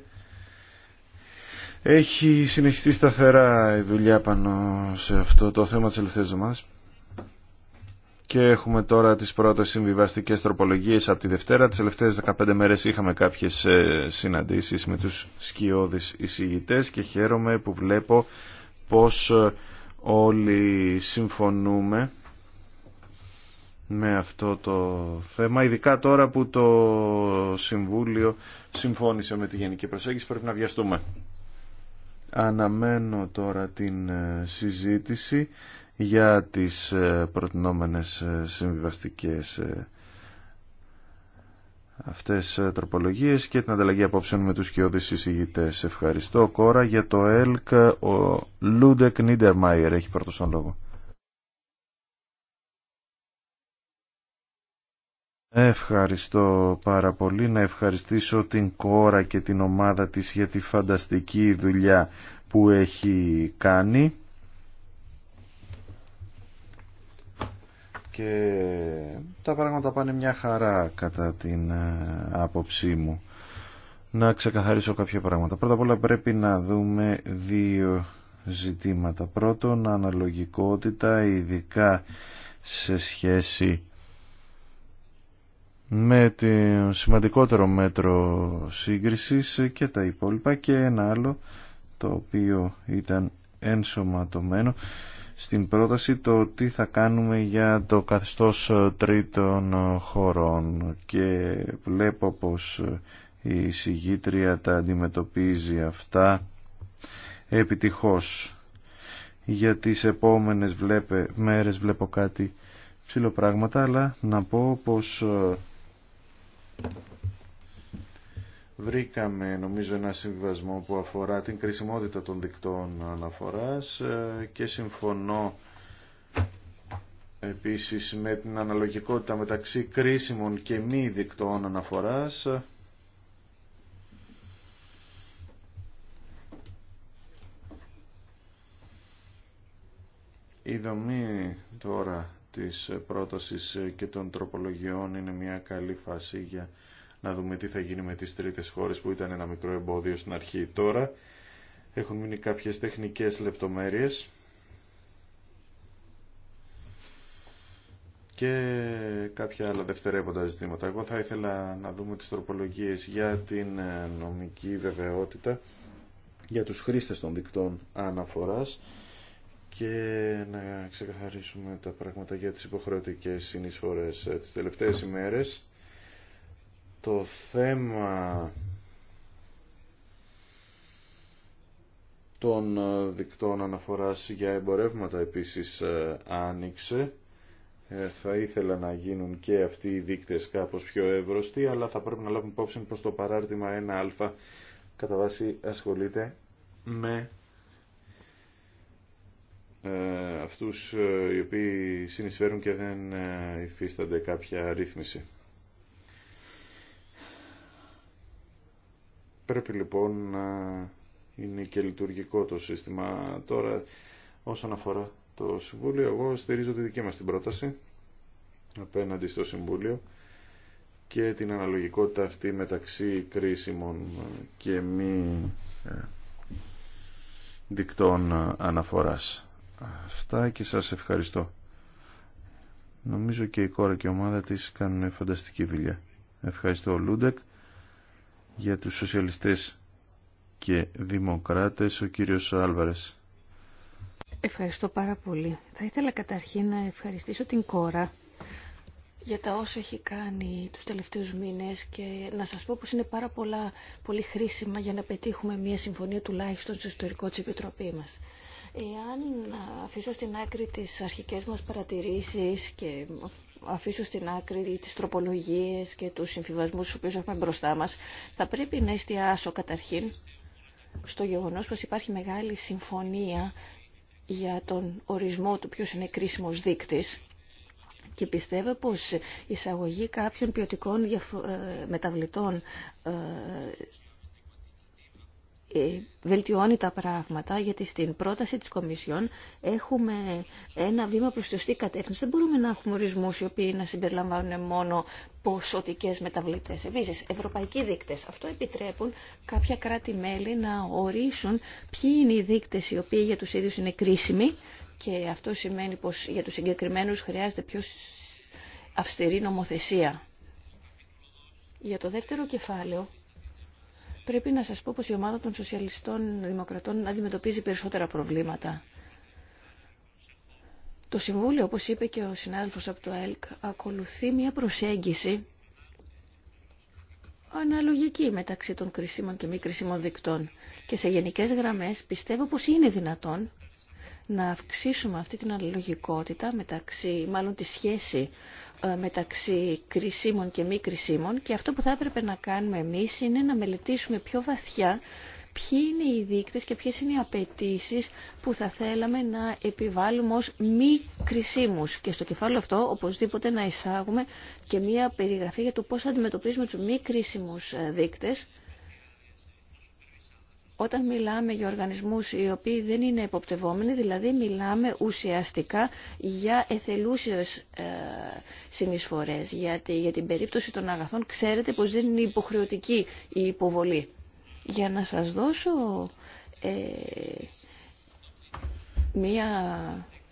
Έχει συνεχιστεί σταθερά η δουλειά πάνω σε αυτό το θέμα της ελευθερίας μας Και έχουμε τώρα τις πρώτες συμβιβαστικές τροπολογίες από τη Δευτέρα. Τις τελευταίες 15 μέρες είχαμε κάποιες ε, συναντήσεις με τους σκιώδεις εισηγητές και χαίρομαι που βλέπω πως ε, όλοι συμφωνούμε με αυτό το θέμα, ειδικά τώρα που το Συμβούλιο συμφώνησε με τη Γενική Προσέγγιση, πρέπει να βιαστούμε. Αναμένω τώρα την ε, συζήτηση για τις ε, προτινόμενες ε, συμβιβαστικές αυτές ε, τροπολογίες και την ανταλλαγή απόψεων με τους κοιόδης εισηγητές. Ευχαριστώ κόρα για το ΕΛΚ. Ο Λούντεκ Νίντερμαϊερ έχει πρώτο τον λόγο. Ευχαριστώ πάρα πολύ. Να ευχαριστήσω την κόρα και την ομάδα της για τη φανταστική δουλειά που έχει κάνει και τα πράγματα πάνε μια χαρά κατά την ε, άποψή μου. Να ξεκαθαρίσω κάποια πράγματα. Πρώτα απ' όλα πρέπει να δούμε δύο ζητήματα. Πρώτον, αναλογικότητα, ειδικά σε σχέση με το σημαντικότερο μέτρο σύγκρισης και τα υπόλοιπα και ένα άλλο το οποίο ήταν ενσωματωμένο στην πρόταση το τι θα κάνουμε για το καθεστώς ε, τρίτων ε, χωρών και βλέπω πως ε, η συγγήτρια τα αντιμετωπίζει αυτά επιτυχώς. Για τις επόμενες βλέπε, μέρες βλέπω κάτι ψηλοπράγματα αλλά να πω πως βρήκαμε νομίζω ένα συμβιβασμό που αφορά την κρισιμότητα των δικτών αναφοράς ε, και συμφωνώ επίσης με την αναλογικότητα μεταξύ κρίσιμων και μη δικτών αναφοράς Η δομή τώρα της πρότασης και των τροπολογιών είναι μια καλή φάση για να δούμε τι θα γίνει με τις τρίτες χώρες που ήταν ένα μικρό εμπόδιο στην αρχή. Τώρα έχουν μείνει κάποιες τεχνικές λεπτομέρειες και κάποια άλλα δευτερεύοντα ζητήματα. Εγώ θα ήθελα να δούμε τις τροπολογίες για την ε, νομική βεβαιότητα για τους χρήστες των δικτών αναφοράς και να ξεκαθαρίσουμε τα πράγματα για τις υποχρεωτικές συνεισφορές ε, τις τελευταίες ημέρες το θέμα των ε, δικτών αναφοράς για εμπορεύματα επίσης ε, άνοιξε. Ε, θα ήθελα να γίνουν και αυτοί οι δείκτες κάπως πιο ευρωστοί, αλλά θα πρέπει να λάβουμε υπόψη πως το παράρτημα 1α κατά βάση ασχολείται με αυτούς οι οποίοι συνεισφέρουν και δεν υφίστανται κάποια ρύθμιση. Πρέπει λοιπόν να είναι και λειτουργικό το σύστημα. Τώρα, όσον αφορά το Συμβούλιο, εγώ στηρίζω τη δική μας την πρόταση απέναντι στο Συμβούλιο και την αναλογικότητα αυτή μεταξύ κρίσιμων και μη ε, δικτών αναφοράς. Αυτά και σας ευχαριστώ. Νομίζω και η κόρα και η ομάδα της κάνουν φανταστική δουλειά. Ευχαριστώ Λούντεκ για τους σοσιαλιστές και δημοκράτες, ο κύριος Άλβαρες. Ευχαριστώ πάρα πολύ. Θα ήθελα καταρχήν να ευχαριστήσω την κόρα για τα όσα έχει κάνει τους τελευταίους μήνες και να σας πω πως είναι πάρα πολλά, πολύ χρήσιμα για να πετύχουμε μια συμφωνία τουλάχιστον στο ιστορικό της Επιτροπή μας. Εάν αφήσω στην άκρη τις αρχικές μας παρατηρήσεις και αφήσω στην άκρη τις τροπολογίες και τους συμφιβασμούς που έχουμε μπροστά μας, θα πρέπει να εστιάσω καταρχήν στο γεγονός πως υπάρχει μεγάλη συμφωνία για τον ορισμό του ποιος είναι κρίσιμος δείκτης και πιστεύω πως η εισαγωγή κάποιων ποιοτικών ε, μεταβλητών ε, βελτιώνει τα πράγματα γιατί στην πρόταση της Κομισιόν έχουμε ένα βήμα προς σωστή κατεύθυνση. Δεν μπορούμε να έχουμε ορισμού οι οποίοι να συμπεριλαμβάνουν μόνο ποσοτικές μεταβλητές. Επίσης, ευρωπαϊκοί δείκτες. Αυτό επιτρέπουν κάποια κράτη-μέλη να ορίσουν ποιοι είναι οι δείκτες οι οποίοι για τους ίδιους είναι κρίσιμοι και αυτό σημαίνει πως για τους συγκεκριμένους χρειάζεται πιο αυστηρή νομοθεσία. Για το δεύτερο κεφάλαιο Πρέπει να σας πω πως η ομάδα των σοσιαλιστών δημοκρατών αντιμετωπίζει περισσότερα προβλήματα. Το Συμβούλιο, όπως είπε και ο συνάδελφος από το ΕΛΚ, ακολουθεί μια προσέγγιση αναλογική μεταξύ των κρισίμων και μη κρισίμων δικτών. Και σε γενικές γραμμές πιστεύω πως είναι δυνατόν να αυξήσουμε αυτή την αναλογικότητα μεταξύ, μάλλον τη σχέση ε, μεταξύ κρισίμων και μη κρισίμων και αυτό που θα έπρεπε να κάνουμε εμείς είναι να μελετήσουμε πιο βαθιά ποιοι είναι οι δείκτες και ποιες είναι οι απαιτήσει που θα θέλαμε να επιβάλλουμε ως μη κρισίμους. Και στο κεφάλαιο αυτό οπωσδήποτε να εισάγουμε και μία περιγραφή για το πώς θα αντιμετωπίζουμε τους μη κρίσιμους ε, δείκτες όταν μιλάμε για οργανισμούς οι οποίοι δεν είναι εποπτευόμενοι, δηλαδή μιλάμε ουσιαστικά για εθελούσιες ε, συνεισφορές, γιατί για την περίπτωση των αγαθών ξέρετε πως δεν είναι υποχρεωτική η υποβολή. Για να σας δώσω ε, μία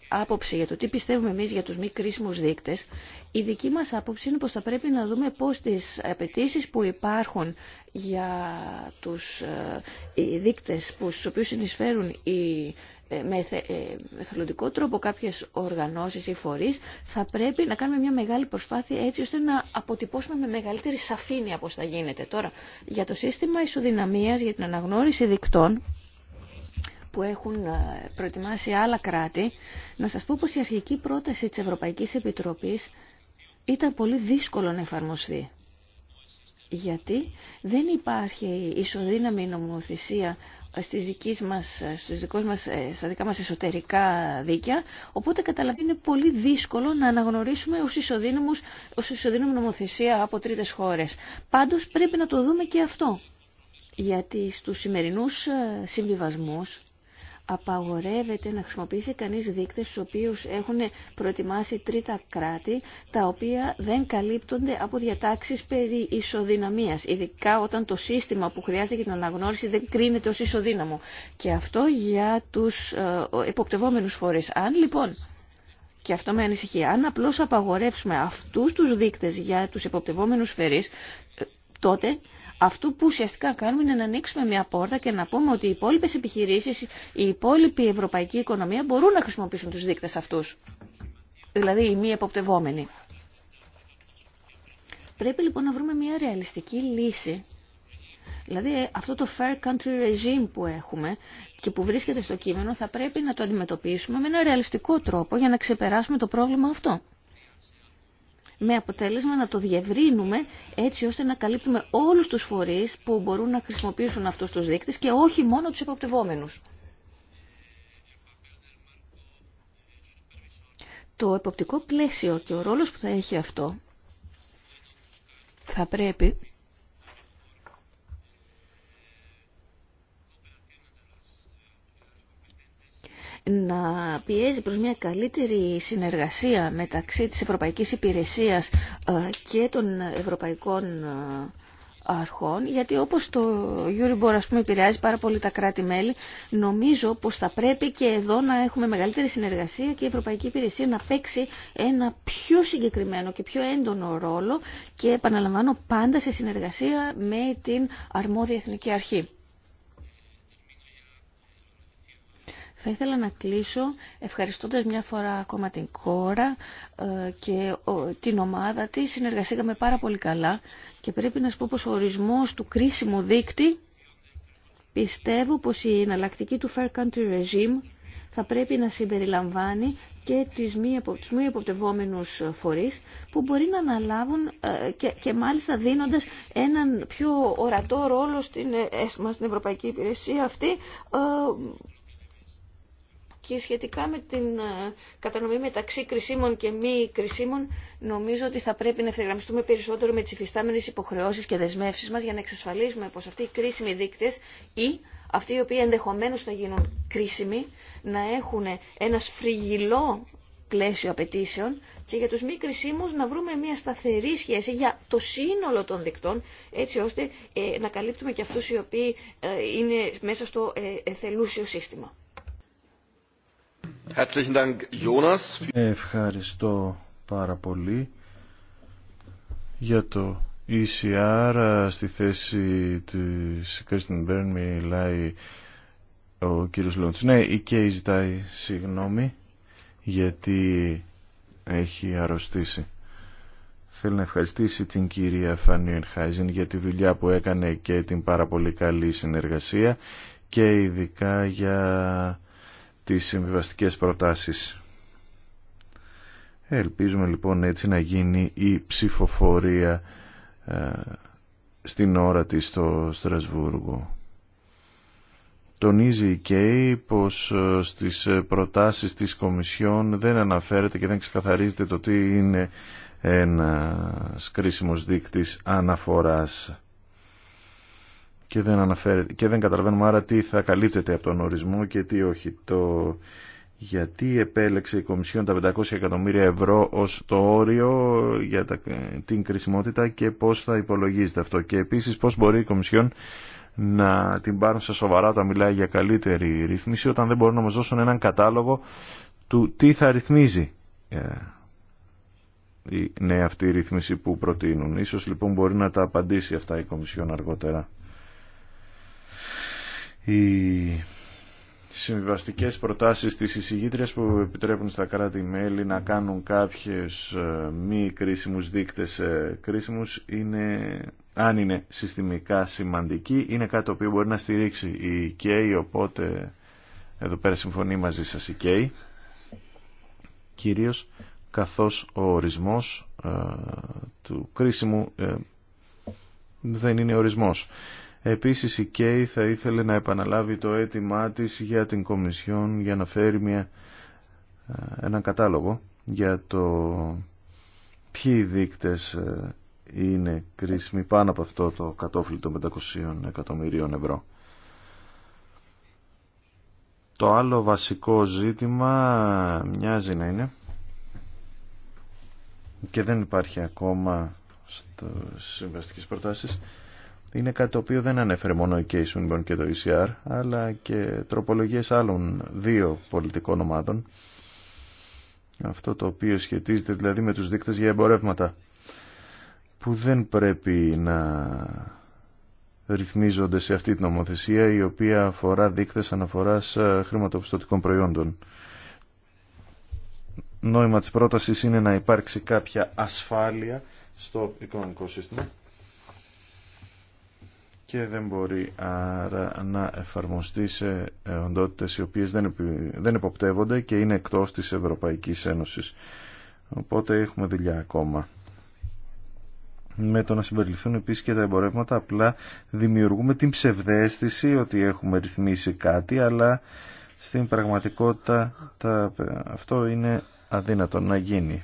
άποψη για το τι πιστεύουμε εμείς για τους μη κρίσιμους δείκτες, η δική μας άποψη είναι πως θα πρέπει να δούμε πώς τις απαιτήσει που υπάρχουν για τους ε, οι δείκτες που, στους οποίους συνεισφέρουν ε, με εθελοντικό ε, τρόπο κάποιες οργανώσεις ή φορείς θα πρέπει να κάνουμε μια μεγάλη προσπάθεια έτσι ώστε να αποτυπώσουμε με μεγαλύτερη σαφήνεια πώς θα γίνεται. Τώρα, για το σύστημα ισοδυναμίας, για την αναγνώριση δικτών, που έχουν ε, προετοιμάσει άλλα κράτη, να σας πω πως η αρχική πρόταση της Ευρωπαϊκής Επιτροπής ήταν πολύ δύσκολο να εφαρμοστεί. Γιατί δεν υπάρχει ισοδύναμη νομοθεσία στις δικές μας, στις μας, ε, στα δικά μας εσωτερικά δίκαια, οπότε καταλαβαίνει είναι πολύ δύσκολο να αναγνωρίσουμε ως, ισοδύναμους, ως ισοδύναμη νομοθεσία από τρίτες χώρες. Πάντως πρέπει να το δούμε και αυτό, γιατί στους σημερινούς ε, συμβιβασμούς απαγορεύεται να χρησιμοποιήσει κανείς δείκτες στους οποίους έχουν προετοιμάσει τρίτα κράτη τα οποία δεν καλύπτονται από διατάξεις περί ισοδυναμίας ειδικά όταν το σύστημα που χρειάζεται για την αναγνώριση δεν κρίνεται ως ισοδύναμο και αυτό για τους υποπτευόμενους ε, φορείς. Αν λοιπόν και αυτό με ανησυχεί. Αν απλώς απαγορεύσουμε αυτούς τους δείκτες για τους υποπτευόμενους φερείς, ε, τότε αυτό που ουσιαστικά κάνουμε είναι να ανοίξουμε μια πόρτα και να πούμε ότι οι υπόλοιπε επιχειρήσει, η υπόλοιπη ευρωπαϊκή οικονομία μπορούν να χρησιμοποιήσουν του δείκτε αυτού. Δηλαδή οι μη εποπτευόμενοι. Πρέπει λοιπόν να βρούμε μια ρεαλιστική λύση. Δηλαδή αυτό το fair country regime που έχουμε και που βρίσκεται στο κείμενο θα πρέπει να το αντιμετωπίσουμε με ένα ρεαλιστικό τρόπο για να ξεπεράσουμε το πρόβλημα αυτό με αποτέλεσμα να το διευρύνουμε έτσι ώστε να καλύπτουμε όλους τους φορείς που μπορούν να χρησιμοποιήσουν αυτούς τους δείκτες και όχι μόνο τους εποπτευόμενους. Το εποπτικό πλαίσιο και ο ρόλος που θα έχει αυτό θα πρέπει να πιέζει προς μια καλύτερη συνεργασία μεταξύ της Ευρωπαϊκής Υπηρεσίας ε, και των Ευρωπαϊκών ε, αρχών, γιατί όπως το Euribor ας πούμε επηρεάζει πάρα πολύ τα κράτη-μέλη, νομίζω πως θα πρέπει και εδώ να έχουμε μεγαλύτερη συνεργασία και η Ευρωπαϊκή Υπηρεσία να παίξει ένα πιο συγκεκριμένο και πιο έντονο ρόλο και επαναλαμβάνω πάντα σε συνεργασία με την αρμόδια εθνική αρχή. Θα ήθελα να κλείσω ευχαριστώντας μια φορά ακόμα την κόρα ε, και την ομάδα της. Συνεργασήκαμε πάρα πολύ καλά και πρέπει να σου πω πως ο ορισμός του κρίσιμου δείκτη πιστεύω πως η εναλλακτική του Fair Country Regime θα πρέπει να συμπεριλαμβάνει και τις μη, τους μη εποπτευόμενους φορείς που μπορεί να αναλάβουν ε, και, και μάλιστα δίνοντας έναν πιο ορατό ρόλο στην, ε, στην Ευρωπαϊκή Υπηρεσία αυτή και σχετικά με την ε, κατανομή μεταξύ κρισίμων και μη κρισίμων, νομίζω ότι θα πρέπει να ευθυγραμμιστούμε περισσότερο με τι υφιστάμενε υποχρεώσει και δεσμεύσει μα για να εξασφαλίσουμε πω αυτοί οι κρίσιμοι δείκτε ή αυτοί οι οποίοι ενδεχομένω θα γίνουν κρίσιμοι να έχουν ένα σφριγιλό πλαίσιο απαιτήσεων και για τους μη κρισίμους να βρούμε μια σταθερή σχέση για το σύνολο των δικτών έτσι ώστε ε, να καλύπτουμε και αυτούς οι οποίοι ε, είναι μέσα στο εθελούσιο σύστημα. Ευχαριστώ πάρα πολύ για το ECR. Στη θέση της Κρίστιν Μπέρν μιλάει ο κύριος Λόντς. Ναι, η Κέι ζητάει συγγνώμη γιατί έχει αρρωστήσει. Θέλω να ευχαριστήσει την κυρία Φανιούν Χάιζεν για τη δουλειά που έκανε και την πάρα πολύ καλή συνεργασία και ειδικά για τις συμβιβαστικές προτάσεις. Ελπίζουμε λοιπόν έτσι να γίνει η ψηφοφορία ε, στην ώρα της στο Στρασβούργο. Τονίζει η ΚΕΙ πως ε, στις ε, προτάσεις της Κομισιόν δεν αναφέρεται και δεν ξεκαθαρίζεται το τι είναι ένα κρίσιμος δείκτης αναφοράς και δεν, αναφέρεται, και δεν καταλαβαίνουμε άρα τι θα καλύπτεται από τον ορισμό και τι όχι. Το γιατί επέλεξε η Κομισιόν τα 500 εκατομμύρια ευρώ ως το όριο για την κρισιμότητα και πώς θα υπολογίζεται αυτό. Και επίσης πώς μπορεί η Κομισιόν να την πάρουν σε σοβαρά όταν μιλάει για καλύτερη ρύθμιση όταν δεν μπορούν να μας δώσουν έναν κατάλογο του τι θα ρυθμίζει ε, η νέα αυτή ρύθμιση που προτείνουν. Ίσως λοιπόν μπορεί να τα απαντήσει αυτά η Κομισιόν αργότερα οι συμβιβαστικές προτάσεις της εισηγήτριας που επιτρέπουν στα κράτη-μέλη να κάνουν κάποιες ε, μη κρίσιμους δείκτες ε, κρίσιμους είναι, αν είναι συστημικά σημαντική, είναι κάτι το οποίο μπορεί να στηρίξει η ΚΕΙ, οπότε εδώ πέρα συμφωνεί μαζί σας η ΚΕΙ, κυρίως καθώς ο ορισμός ε, του κρίσιμου δεν είναι ορισμός. Επίσης η ΚΕΙ θα ήθελε να επαναλάβει το αίτημά της για την Κομισιόν για να φέρει μια, ε, έναν κατάλογο για το ποιοι δείκτες ε, είναι κρίσιμοι πάνω από αυτό το κατόφλι των 500 εκατομμυρίων ευρώ. Το άλλο βασικό ζήτημα ε, μοιάζει να είναι και δεν υπάρχει ακόμα στις συμβαστικές προτάσεις είναι κάτι το οποίο δεν ανέφερε μόνο η Κέι και το ECR, αλλά και τροπολογίες άλλων δύο πολιτικών ομάδων. Αυτό το οποίο σχετίζεται δηλαδή με τους δείκτες για εμπορεύματα, που δεν πρέπει να ρυθμίζονται σε αυτή την νομοθεσία, η οποία αφορά δείκτες αναφοράς ε, χρηματοπιστωτικών προϊόντων. Νόημα της πρότασης είναι να υπάρξει κάποια ασφάλεια στο οικονομικό σύστημα και δεν μπορεί άρα να εφαρμοστεί σε οντότητες οι οποίες δεν, δεν υποπτεύονται και είναι εκτός της Ευρωπαϊκής Ένωσης. Οπότε έχουμε δουλειά ακόμα. Με το να συμπεριληφθούν επίση και τα εμπορεύματα απλά δημιουργούμε την ψευδέστηση ότι έχουμε ρυθμίσει κάτι αλλά στην πραγματικότητα αυτό είναι αδύνατο να γίνει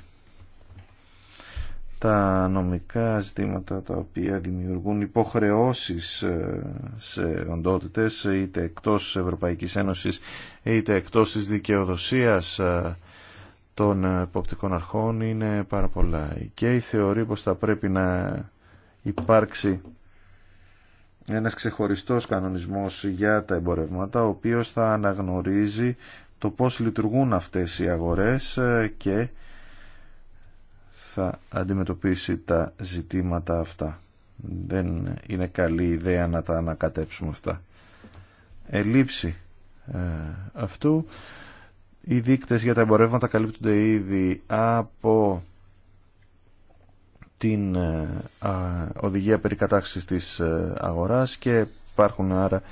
τα νομικά ζητήματα τα οποία δημιουργούν υποχρεώσεις ε, σε οντότητες είτε εκτός της Ευρωπαϊκής Ένωσης είτε εκτός της δικαιοδοσίας ε, των υποπτικών αρχών είναι πάρα πολλά. Και η θεωρεί πως θα πρέπει να υπάρξει ένας ξεχωριστός κανονισμός για τα εμπορεύματα ο οποίος θα αναγνωρίζει το πώς λειτουργούν αυτές οι αγορές ε, και θα αντιμετωπίσει τα ζητήματα αυτά. Δεν είναι καλή ιδέα να τα ανακατέψουμε αυτά. Ελήψη ε, αυτού. Οι δείκτες για τα εμπορεύματα καλύπτονται ήδη από την ε, οδηγία περί της ε, αγοράς και υπάρχουν άρα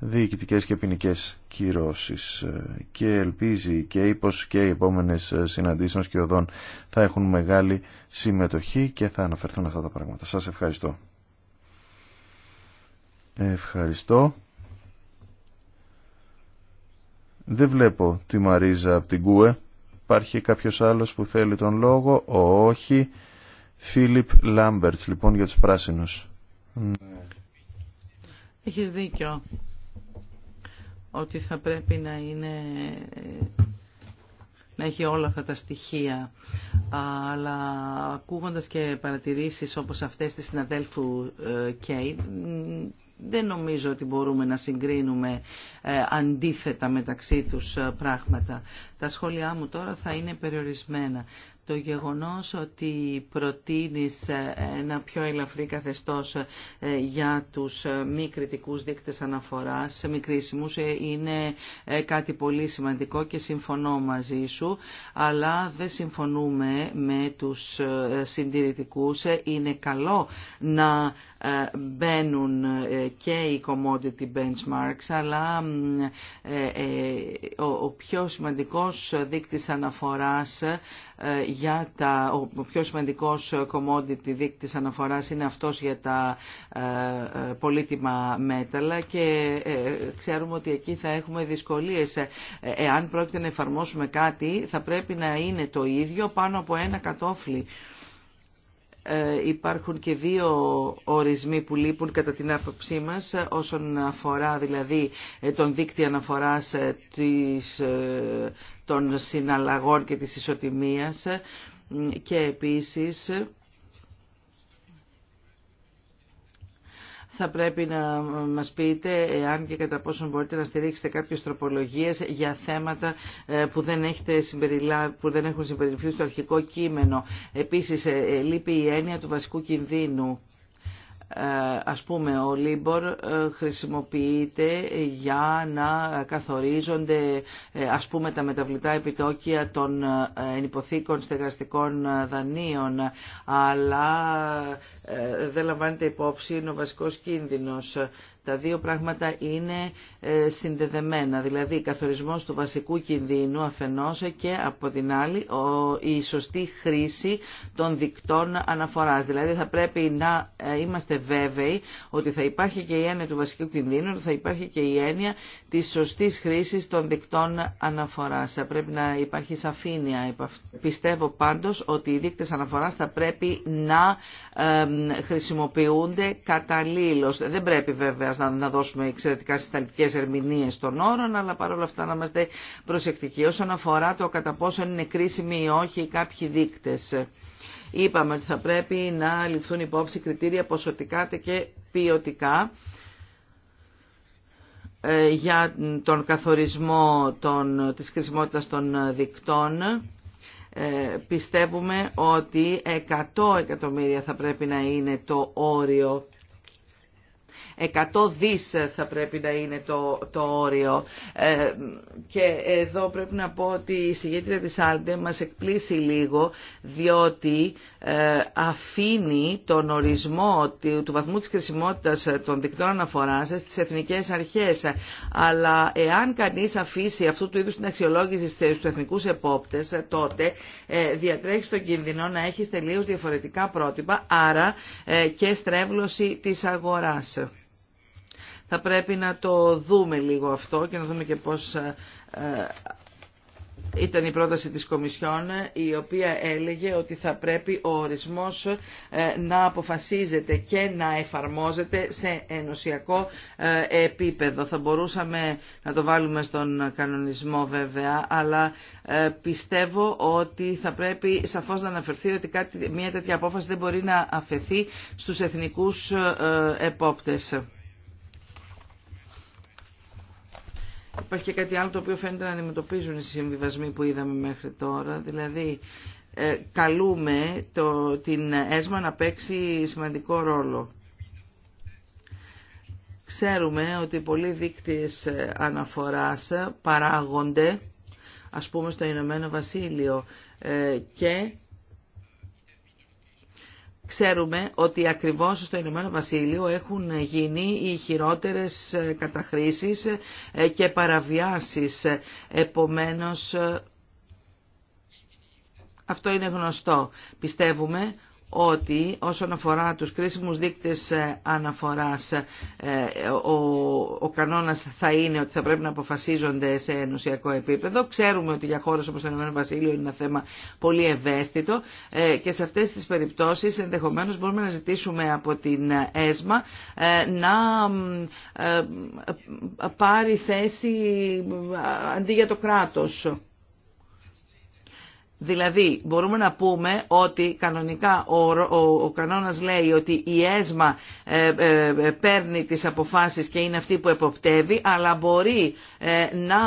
διοικητικές και ποινικέ κυρώσεις ε, και ελπίζει και ύπος και οι επόμενες ε, συναντήσεις και οδών θα έχουν μεγάλη συμμετοχή και θα αναφερθούν αυτά τα πράγματα. Σας ευχαριστώ. Ευχαριστώ. Δεν βλέπω τη Μαρίζα από την ΚΟΥΕ. Υπάρχει κάποιος άλλος που θέλει τον λόγο. Όχι. Φίλιπ Λάμπερτς λοιπόν για τους πράσινους. Έχεις δίκιο ότι θα πρέπει να είναι να έχει όλα αυτά τα στοιχεία. Αλλά ακούγοντας και παρατηρήσεις όπως αυτές της συναδέλφου ε, Κέι, δεν νομίζω ότι μπορούμε να συγκρίνουμε ε, αντίθετα μεταξύ τους ε, πράγματα. Τα σχόλιά μου τώρα θα είναι περιορισμένα το γεγονός ότι προτείνεις ένα πιο ελαφρύ καθεστώς ε, για τους ε, μη κριτικούς δείκτες αναφοράς, μη κρίσιμους, ε, είναι κάτι πολύ σημαντικό και συμφωνώ μαζί σου, αλλά δεν συμφωνούμε με τους συντηρητικούς. Είναι καλό να ε, μπαίνουν ε, και οι commodity benchmarks, αλλά ε, ο πιο σημαντικός δείκτης αναφοράς για τα, ο πιο σημαντικός commodity δείκτης αναφοράς είναι αυτός για τα πολύτιμα μέταλλα και ξέρουμε ότι εκεί θα έχουμε δυσκολίες. Εάν πρόκειται να εφαρμόσουμε κάτι θα πρέπει να είναι το ίδιο πάνω από ένα κατόφλι. Ε, υπάρχουν και δύο ορισμοί που λείπουν κατά την άποψή μας όσον αφορά δηλαδή ε, τον δίκτυο αναφοράς ε, της, των συναλλαγών και της ισοτιμίας και επίσης θα πρέπει να μας πείτε αν και κατά πόσον μπορείτε να στηρίξετε κάποιες τροπολογίες για θέματα ε, που δεν, έχετε που δεν έχουν συμπεριληφθεί στο αρχικό κείμενο. Επίσης, ε, ε, λείπει η έννοια του βασικού κινδύνου. Ε, ας πούμε ο Λίμπορ ε, χρησιμοποιείται για να καθορίζονται ε, ας πούμε τα μεταβλητά επιτόκια των ενυποθήκων στεγαστικών δανείων αλλά δεν λαμβάνεται υπόψη ο βασικός κίνδυνος τα δύο πράγματα είναι ε, συνδεδεμένα, δηλαδή καθορισμός του βασικού κινδύνου αφενός και από την άλλη η σωστή χρήση των δικτών αναφοράς. Δηλαδή θα πρέπει να ε, είμαστε βέβαιοι ότι θα υπάρχει και η έννοια του βασικού κινδύνου, θα υπάρχει και η έννοια της σωστής χρήσης των δικτών αναφοράς. Θα πρέπει να υπάρχει σαφήνεια. Πιστεύω πάντως ότι οι δείκτες αναφοράς θα πρέπει να χρησιμοποιούνται καταλήλως. Δεν πρέπει βέβαια να, δώσουμε εξαιρετικά συσταλτικέ ερμηνείε των όρων, αλλά παρόλα αυτά να είμαστε προσεκτικοί όσον αφορά το κατά πόσο είναι κρίσιμοι ή όχι κάποιοι δείκτες. Είπαμε ότι θα πρέπει να ληφθούν υπόψη κριτήρια ποσοτικά και ποιοτικά ε, για τον καθορισμό των, της χρησιμότητας των δικτών. Ε, πιστεύουμε ότι 100 εκατομμύρια θα πρέπει να είναι το όριο Εκατό δις θα πρέπει να είναι το, όριο. Ε, και εδώ πρέπει να πω ότι η συγγέντρια της Άλντε μας εκπλήσει λίγο διότι ε, αφήνει τον ορισμό του, του βαθμού της κρισιμότητας των δικτών αναφοράς στις εθνικές αρχές. Αλλά εάν κανείς αφήσει αυτού του είδους την αξιολόγηση στους εθνικούς επόπτες, τότε ε, διατρέχει τον κίνδυνο να έχει τελείως διαφορετικά πρότυπα, άρα ε, και στρέβλωση της αγοράς. Θα πρέπει να το δούμε λίγο αυτό και να δούμε και πώς ε, ε, ήταν η πρόταση της Κομισιόν η οποία έλεγε ότι θα πρέπει ο ορισμός ε, να αποφασίζεται και να εφαρμόζεται σε ενωσιακό επίπεδο. Θα μπορούσαμε να το βάλουμε στον κανονισμό βέβαια, αλλά πιστεύω ότι θα πρέπει σαφώς να αναφερθεί ότι κάτι, μια τέτοια απόφαση δεν μπορεί να αφαιθεί στους εθνικούς επόπτες. Υπάρχει και κάτι άλλο το οποίο φαίνεται να αντιμετωπίζουν οι συμβιβασμοί που είδαμε μέχρι τώρα. Δηλαδή, ε, καλούμε το, την ΕΣΜΑ να παίξει σημαντικό ρόλο. Ξέρουμε ότι πολλοί δείκτες ε, αναφοράς παράγονται, ας πούμε, στο Ηνωμένο Βασίλειο ε, και Ξέρουμε ότι ακριβώς στο Ηνωμένο Βασίλειο έχουν γίνει οι χειρότερες ε, καταχρήσεις ε, και παραβιάσεις. Επομένως, ε, αυτό είναι γνωστό. Πιστεύουμε ότι όσον αφορά τους κρίσιμους δείκτες ε, αναφοράς ε, ο, ο κανόνας θα είναι ότι θα πρέπει να αποφασίζονται σε ενωσιακό επίπεδο. Ξέρουμε ότι για χώρες όπως το Ηνωμένο Βασίλειο είναι ένα θέμα πολύ ευαίσθητο ε, και σε αυτές τις περιπτώσεις ενδεχομένως μπορούμε να ζητήσουμε από την ΕΣΜΑ να πάρει θέση αντί για το κράτος. Δηλαδή μπορούμε να πούμε ότι κανονικά ο, ο, κανόνας λέει ότι η ΕΣΜΑ ε, ε, ε, παίρνει τις αποφάσεις και είναι αυτή που εποπτεύει αλλά μπορεί ε, να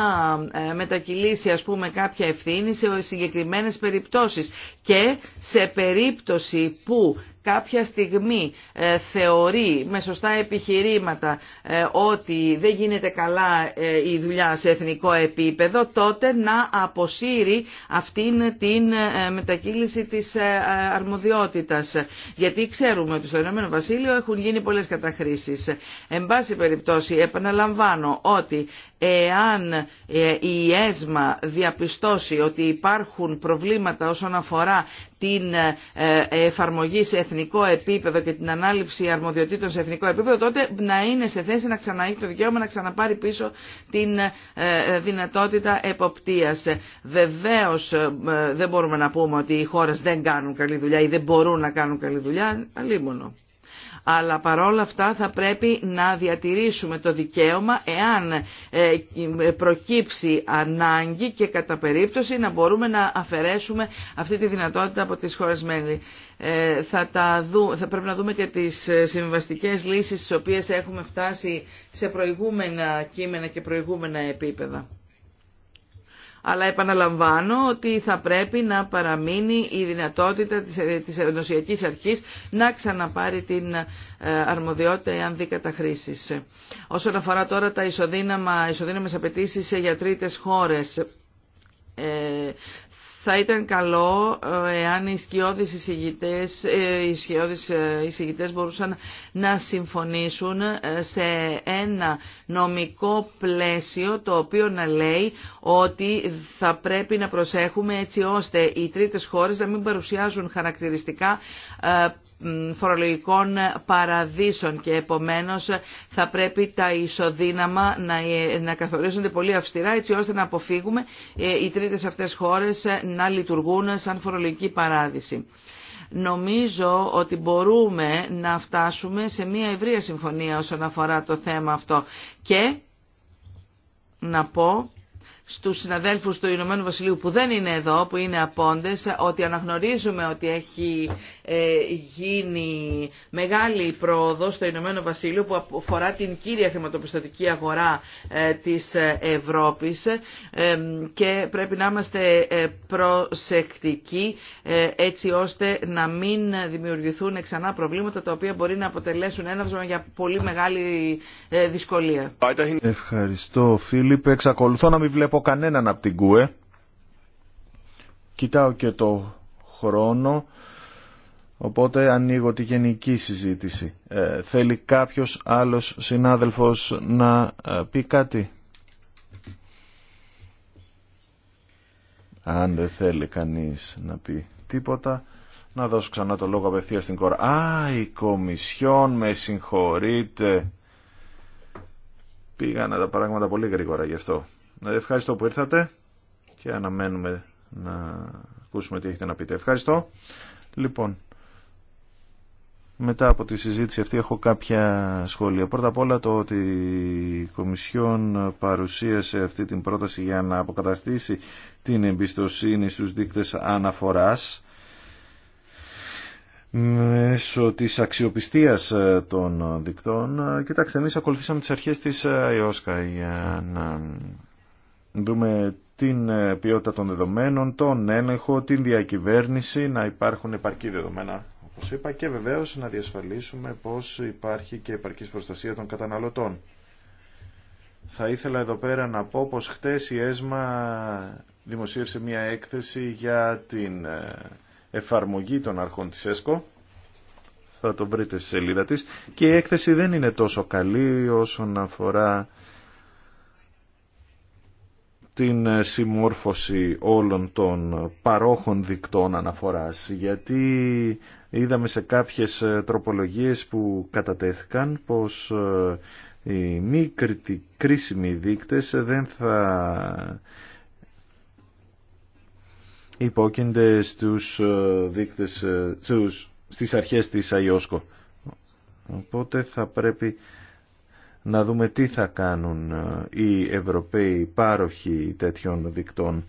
ε, μετακυλήσει ας πούμε κάποια ευθύνη σε συγκεκριμένες περιπτώσεις και σε περίπτωση που κάποια στιγμή ε, θεωρεί με σωστά επιχειρήματα ε, ότι δεν γίνεται καλά ε, η δουλειά σε εθνικό επίπεδο, τότε να αποσύρει αυτήν την μετακύληση της αρμοδιότητας. Γιατί ξέρουμε ότι στο Ηνωμένο Βασίλειο έχουν γίνει πολλές καταχρήσεις. Εν πάση περιπτώσει, επαναλαμβάνω ότι εάν η ΕΣΜΑ διαπιστώσει ότι υπάρχουν προβλήματα όσον αφορά την ε, ε, εφαρμογή σε εθνικό επίπεδο και την ανάληψη αρμοδιοτήτων σε εθνικό επίπεδο, τότε να είναι σε θέση να ξαναείχει το δικαίωμα να ξαναπάρει πίσω την ε, δυνατότητα εποπτείας. Βεβαίως δεν μπορούμε να πούμε ότι οι χώρες δεν κάνουν καλή δουλειά ή δεν μπορούν να κάνουν καλή δουλειά, αλλήμωνο αλλά παρόλα αυτά θα πρέπει να διατηρήσουμε το δικαίωμα εάν ε, προκύψει ανάγκη και κατά περίπτωση να μπορούμε να αφαιρέσουμε αυτή τη δυνατότητα από τις χώρες ε, Θα, τα δου, θα πρέπει να δούμε και τις ε, συμβαστικές λύσεις στις οποίες έχουμε φτάσει σε προηγούμενα κείμενα και προηγούμενα επίπεδα αλλά επαναλαμβάνω ότι θα πρέπει να παραμείνει η δυνατότητα της ε, ενωσιακής αρχής να ξαναπάρει την ε, αρμοδιότητα εάν δει καταχρήσεις. Όσον αφορά τώρα τα ισοδύναμα, ισοδύναμες απαιτήσει για τρίτες χώρες, ε, θα ήταν καλό ε, εάν οι σκιώδεις εισηγητές, ε, οι ε, μπορούσαν να συμφωνήσουν σε ένα νομικό πλαίσιο το οποίο να λέει ότι θα πρέπει να προσέχουμε έτσι ώστε οι τρίτες χώρες να μην παρουσιάζουν χαρακτηριστικά φορολογικών παραδείσων και επομένως θα πρέπει τα ισοδύναμα να καθορίζονται πολύ αυστηρά έτσι ώστε να αποφύγουμε ε, οι τρίτες αυτές χώρες να λειτουργούν σαν φορολογική παράδειση. Νομίζω ότι μπορούμε να φτάσουμε σε μια ευρεία συμφωνία όσον αφορά το θέμα αυτό και να πω στους συναδέλφους του Ηνωμένου Βασιλείου που δεν είναι εδώ, που είναι απόντες, ότι αναγνωρίζουμε ότι έχει ε, γίνει μεγάλη πρόοδο στο Ηνωμένο Βασίλειο που αφορά την κύρια χρηματοπιστωτική αγορά ε, της Ευρώπης ε, και πρέπει να είμαστε προσεκτικοί έτσι ώστε να μην δημιουργηθούν ξανά προβλήματα τα οποία μπορεί να αποτελέσουν έναυσμα για πολύ μεγάλη δυσκολία. Ευχαριστώ Φίλιπ. Εξακολουθώ να μην βλέπω κανέναν από την ΚΟΕ. Κοιτάω και το χρόνο, οπότε ανοίγω τη γενική συζήτηση. Ε, θέλει κάποιος άλλος συνάδελφος να ε, πει κάτι. Αν δεν θέλει κανείς να πει τίποτα, να δώσω ξανά το λόγο απευθεία στην κόρα. Α, η Κομισιόν, με συγχωρείτε. Πήγανε τα πράγματα πολύ γρήγορα γι' αυτό. Ε, ευχαριστώ που ήρθατε και αναμένουμε να ακούσουμε τι έχετε να πείτε. Ευχαριστώ. Λοιπόν, μετά από τη συζήτηση αυτή έχω κάποια σχόλια. Πρώτα απ' όλα το ότι η Κομισιόν παρουσίασε αυτή την πρόταση για να αποκαταστήσει την εμπιστοσύνη στους δείκτες αναφοράς μέσω της αξιοπιστίας των δικτών. Κοιτάξτε, εμείς ακολουθήσαμε τις αρχές της ΙΟΣΚΑ για να δούμε την ε, ποιότητα των δεδομένων, τον έλεγχο, την διακυβέρνηση, να υπάρχουν επαρκή δεδομένα, όπως είπα, και βεβαίως να διασφαλίσουμε πως υπάρχει και επαρκής προστασία των καταναλωτών. Θα ήθελα εδώ πέρα να πω πως χτες η ΕΣΜΑ δημοσίευσε μια έκθεση για την ε, εφαρμογή των αρχών της ΕΣΚΟ. Θα το βρείτε στη σελίδα της. Και η έκθεση δεν είναι τόσο καλή όσον αφορά την ε, συμμόρφωση όλων των παρόχων δικτών αναφοράς γιατί είδαμε σε κάποιες ε, τροπολογίες που κατατέθηκαν πως ε, οι μη κρίσιμοι δείκτες δεν θα υπόκεινται στους δείκτες, στους, στις αρχές της ΑΙΟΣΚΟ. Οπότε θα πρέπει να δούμε τι θα κάνουν ε, οι Ευρωπαίοι πάροχοι τέτοιων δικτών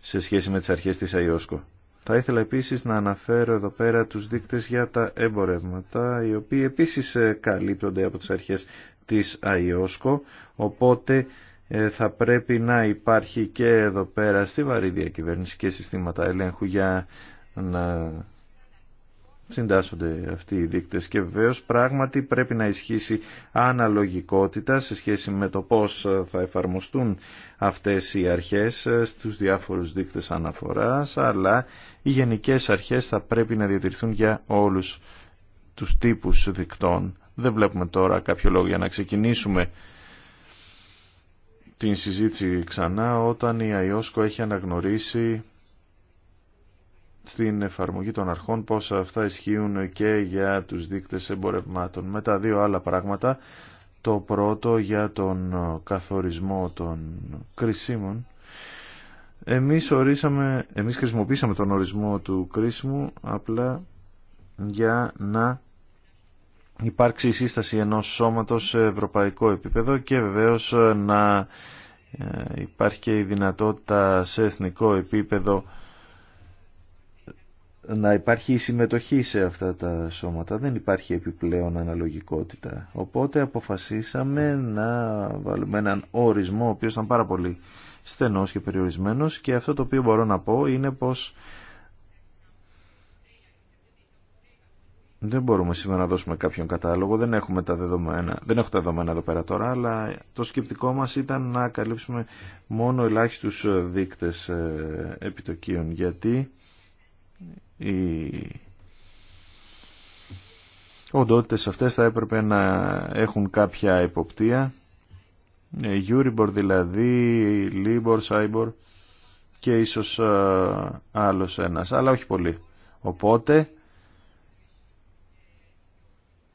σε σχέση με τις αρχές της ΑΙΟΣΚΟ. Θα ήθελα επίσης να αναφέρω εδώ πέρα τους δείκτες για τα εμπορεύματα, οι οποίοι επίσης ε, καλύπτονται από τις αρχές της ΑΙΟΣΚΟ, οπότε ε, θα πρέπει να υπάρχει και εδώ πέρα στη βαρύ διακυβέρνηση και συστήματα ελέγχου για να συντάσσονται αυτοί οι δείκτες και βεβαίω πράγματι πρέπει να ισχύσει αναλογικότητα σε σχέση με το πώς θα εφαρμοστούν αυτές οι αρχές στους διάφορους δείκτες αναφοράς αλλά οι γενικές αρχές θα πρέπει να διατηρηθούν για όλους τους τύπους δικτών. Δεν βλέπουμε τώρα κάποιο λόγο για να ξεκινήσουμε την συζήτηση ξανά όταν η ΑΙΟΣΚΟ έχει αναγνωρίσει στην εφαρμογή των αρχών πως αυτά ισχύουν και για τους δείκτες εμπορευμάτων. Με τα δύο άλλα πράγματα, το πρώτο για τον καθορισμό των κρισίμων. Εμείς, ορίσαμε, εμείς χρησιμοποίησαμε τον ορισμό του κρίσιμου απλά για να υπάρξει η σύσταση ενός σώματος σε ευρωπαϊκό επίπεδο και βεβαίως να ε, υπάρχει και η δυνατότητα σε εθνικό επίπεδο να υπάρχει η συμμετοχή σε αυτά τα σώματα. Δεν υπάρχει επιπλέον αναλογικότητα. Οπότε αποφασίσαμε να βάλουμε έναν ορισμό, ο οποίος ήταν πάρα πολύ στενός και περιορισμένος και αυτό το οποίο μπορώ να πω είναι πως δεν μπορούμε σήμερα να δώσουμε κάποιον κατάλογο, δεν, έχουμε τα δεδομένα, δεν έχω τα δεδομένα εδώ πέρα τώρα, αλλά το σκεπτικό μας ήταν να καλύψουμε μόνο ελάχιστους δείκτες ε, επιτοκίων, γιατί οι οντότητες αυτές θα έπρεπε να έχουν κάποια υποπτία ε, Euribor δηλαδή, Libor, Σάιμπορ και ίσως ε, άλλος ένας, αλλά όχι πολύ. Οπότε,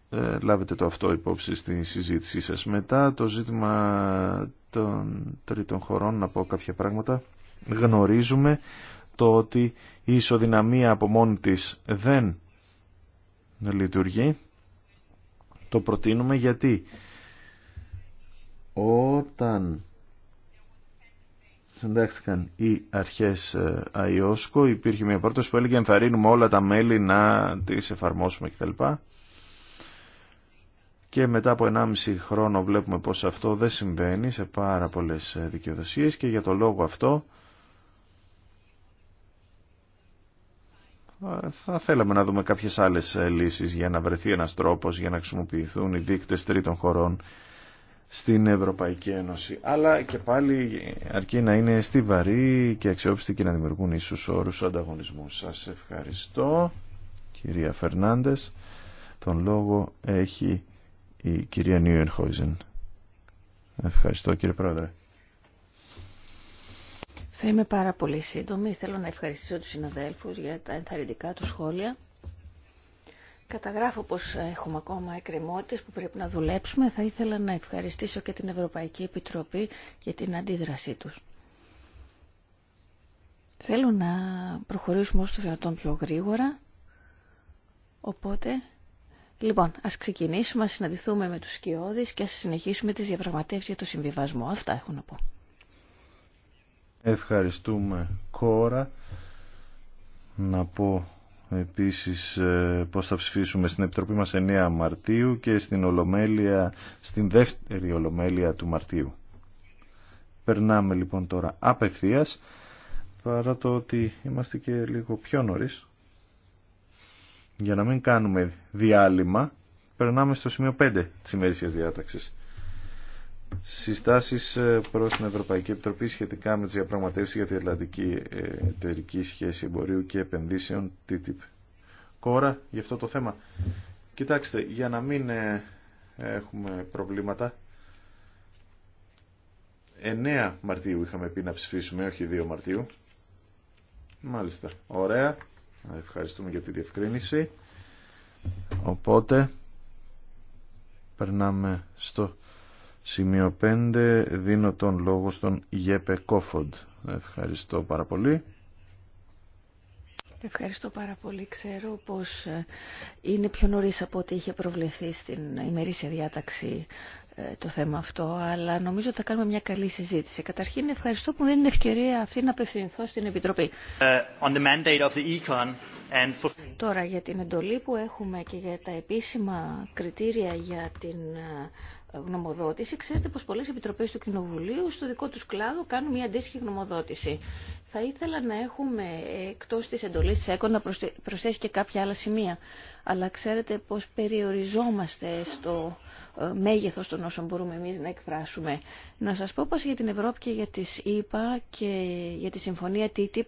ε, λάβετε το αυτό υπόψη στη συζήτησή σας. Μετά το ζήτημα των τρίτων χωρών, να πω κάποια πράγματα. Γνωρίζουμε το ότι η ισοδυναμία από μόνη της δεν λειτουργεί. Το προτείνουμε γιατί όταν συντάχθηκαν οι αρχές ε, ΑΙΟΣΚΟ υπήρχε μια πρόταση που έλεγε ενθαρρύνουμε όλα τα μέλη να τις εφαρμόσουμε κτλ. Και μετά από 1,5 χρόνο βλέπουμε πως αυτό δεν συμβαίνει σε πάρα πολλές ε, δικαιοδοσίες και για το λόγο αυτό θα θέλαμε να δούμε κάποιες άλλες ε, λύσεις για να βρεθεί ένας τρόπος για να χρησιμοποιηθούν οι δείκτες τρίτων χωρών στην Ευρωπαϊκή Ένωση. Αλλά και πάλι αρκεί να είναι στιβαροί και αξιόπιστοι και να δημιουργούν ίσους όρους ανταγωνισμού. Σας ευχαριστώ κυρία Φερνάντες. Τον λόγο έχει η κυρία Νιουερχόιζεν. Ευχαριστώ κύριε Πρόεδρε. Θα είμαι πάρα πολύ σύντομη. Θέλω να ευχαριστήσω τους συναδέλφους για τα ενθαρρυντικά του σχόλια. Καταγράφω πως έχουμε ακόμα εκκρεμότητες που πρέπει να δουλέψουμε. Θα ήθελα να ευχαριστήσω και την Ευρωπαϊκή Επιτροπή για την αντίδρασή τους. Θέλω να προχωρήσουμε όσο το δυνατόν πιο γρήγορα. Οπότε, λοιπόν, ας ξεκινήσουμε, ας συναντηθούμε με τους σκιώδεις και ας συνεχίσουμε τις διαπραγματεύσεις για το συμβιβασμό. Αυτά έχω να πω. Ευχαριστούμε κόρα. Να πω επίσης ε, πώς θα ψηφίσουμε στην Επιτροπή μας 9 Μαρτίου και στην Ολομέλεια, στην δεύτερη Ολομέλεια του Μαρτίου. Περνάμε λοιπόν τώρα απευθείας, παρά το ότι είμαστε και λίγο πιο νωρίς. Για να μην κάνουμε διάλειμμα, περνάμε στο σημείο 5 της ημερήσιας διάταξης συστάσεις ε, προς την Ευρωπαϊκή Επιτροπή σχετικά με τις διαπραγματεύσεις για τη ελλανδική ε, Εταιρική Σχέση Εμπορίου και Επενδύσεων TTIP. Κόρα, για αυτό το θέμα. Κοιτάξτε, για να μην ε, έχουμε προβλήματα, 9 Μαρτίου είχαμε πει να ψηφίσουμε, όχι 2 Μαρτίου. Μάλιστα, ωραία. Ευχαριστούμε για τη διευκρίνηση. Οπότε, περνάμε στο Σημείο 5. Δίνω τον λόγο στον Γέπε Κόφοντ. Ευχαριστώ πάρα πολύ. Ευχαριστώ πάρα πολύ. Ξέρω πως ε, είναι πιο νωρίς από ό,τι είχε προβλεφθεί στην ημερήσια διάταξη ε, το θέμα αυτό, αλλά νομίζω ότι θα κάνουμε μια καλή συζήτηση. Καταρχήν, ευχαριστώ που δίνει την ευκαιρία αυτή να απευθυνθώ στην Επιτροπή. Ε, Τώρα, για την εντολή που έχουμε και για τα επίσημα κριτήρια για την γνωμοδότηση. Ξέρετε πως πολλές επιτροπές του Κοινοβουλίου στο δικό τους κλάδο κάνουν μια αντίστοιχη γνωμοδότηση. Θα ήθελα να έχουμε εκτός της εντολής της ΕΚΟ να προσθέσει και κάποια άλλα σημεία. Αλλά ξέρετε πως περιοριζόμαστε στο ε, μέγεθος των όσων μπορούμε εμείς να εκφράσουμε. Να σας πω πως για την Ευρώπη και για τις ΗΠΑ και για τη συμφωνία TTIP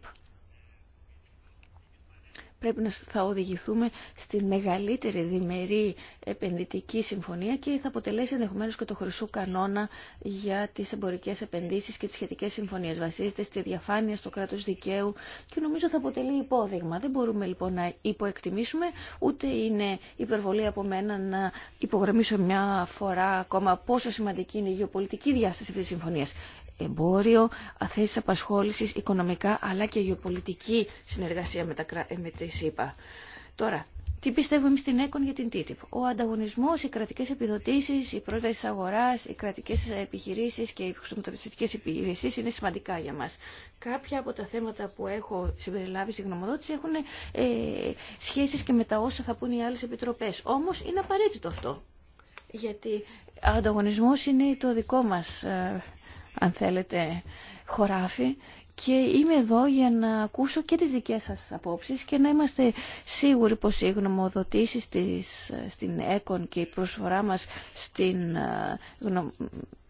Πρέπει να θα οδηγηθούμε στη μεγαλύτερη διμερή επενδυτική συμφωνία και θα αποτελέσει ενδεχομένω και το χρυσό κανόνα για τι εμπορικέ επενδύσει και τι σχετικέ συμφωνίε. Βασίζεται στη διαφάνεια, στο κράτο δικαίου και νομίζω θα αποτελεί υπόδειγμα. Δεν μπορούμε λοιπόν να υποεκτιμήσουμε, ούτε είναι υπερβολή από μένα να υπογραμμίσω μια φορά ακόμα πόσο σημαντική είναι η γεωπολιτική διάσταση αυτή τη συμφωνία εμπόριο, θέσει απασχόληση οικονομικά αλλά και γεωπολιτική συνεργασία με, τα, με ΣΥΠΑ. Τώρα, τι πιστεύουμε στην ΕΚΟΝ για την TTIP. Ο ανταγωνισμό, οι κρατικέ επιδοτήσει, οι πρόσβαση αγορά, οι κρατικέ επιχειρήσει και οι χρησιμοποιητικές επιχειρήσεις είναι σημαντικά για μα. Κάποια από τα θέματα που έχω συμπεριλάβει στη γνωμοδότηση έχουν ε, σχέσει και με τα όσα θα πούν οι άλλε επιτροπέ. Όμω είναι απαραίτητο αυτό. Γιατί ο ανταγωνισμό είναι το δικό μα, ε, αν θέλετε, χωράφι και είμαι εδώ για να ακούσω και τις δικές σας απόψεις και να είμαστε σίγουροι πως οι γνωμοδοτήσεις της, στην ΕΚΟΝ και η προσφορά μας στην ε,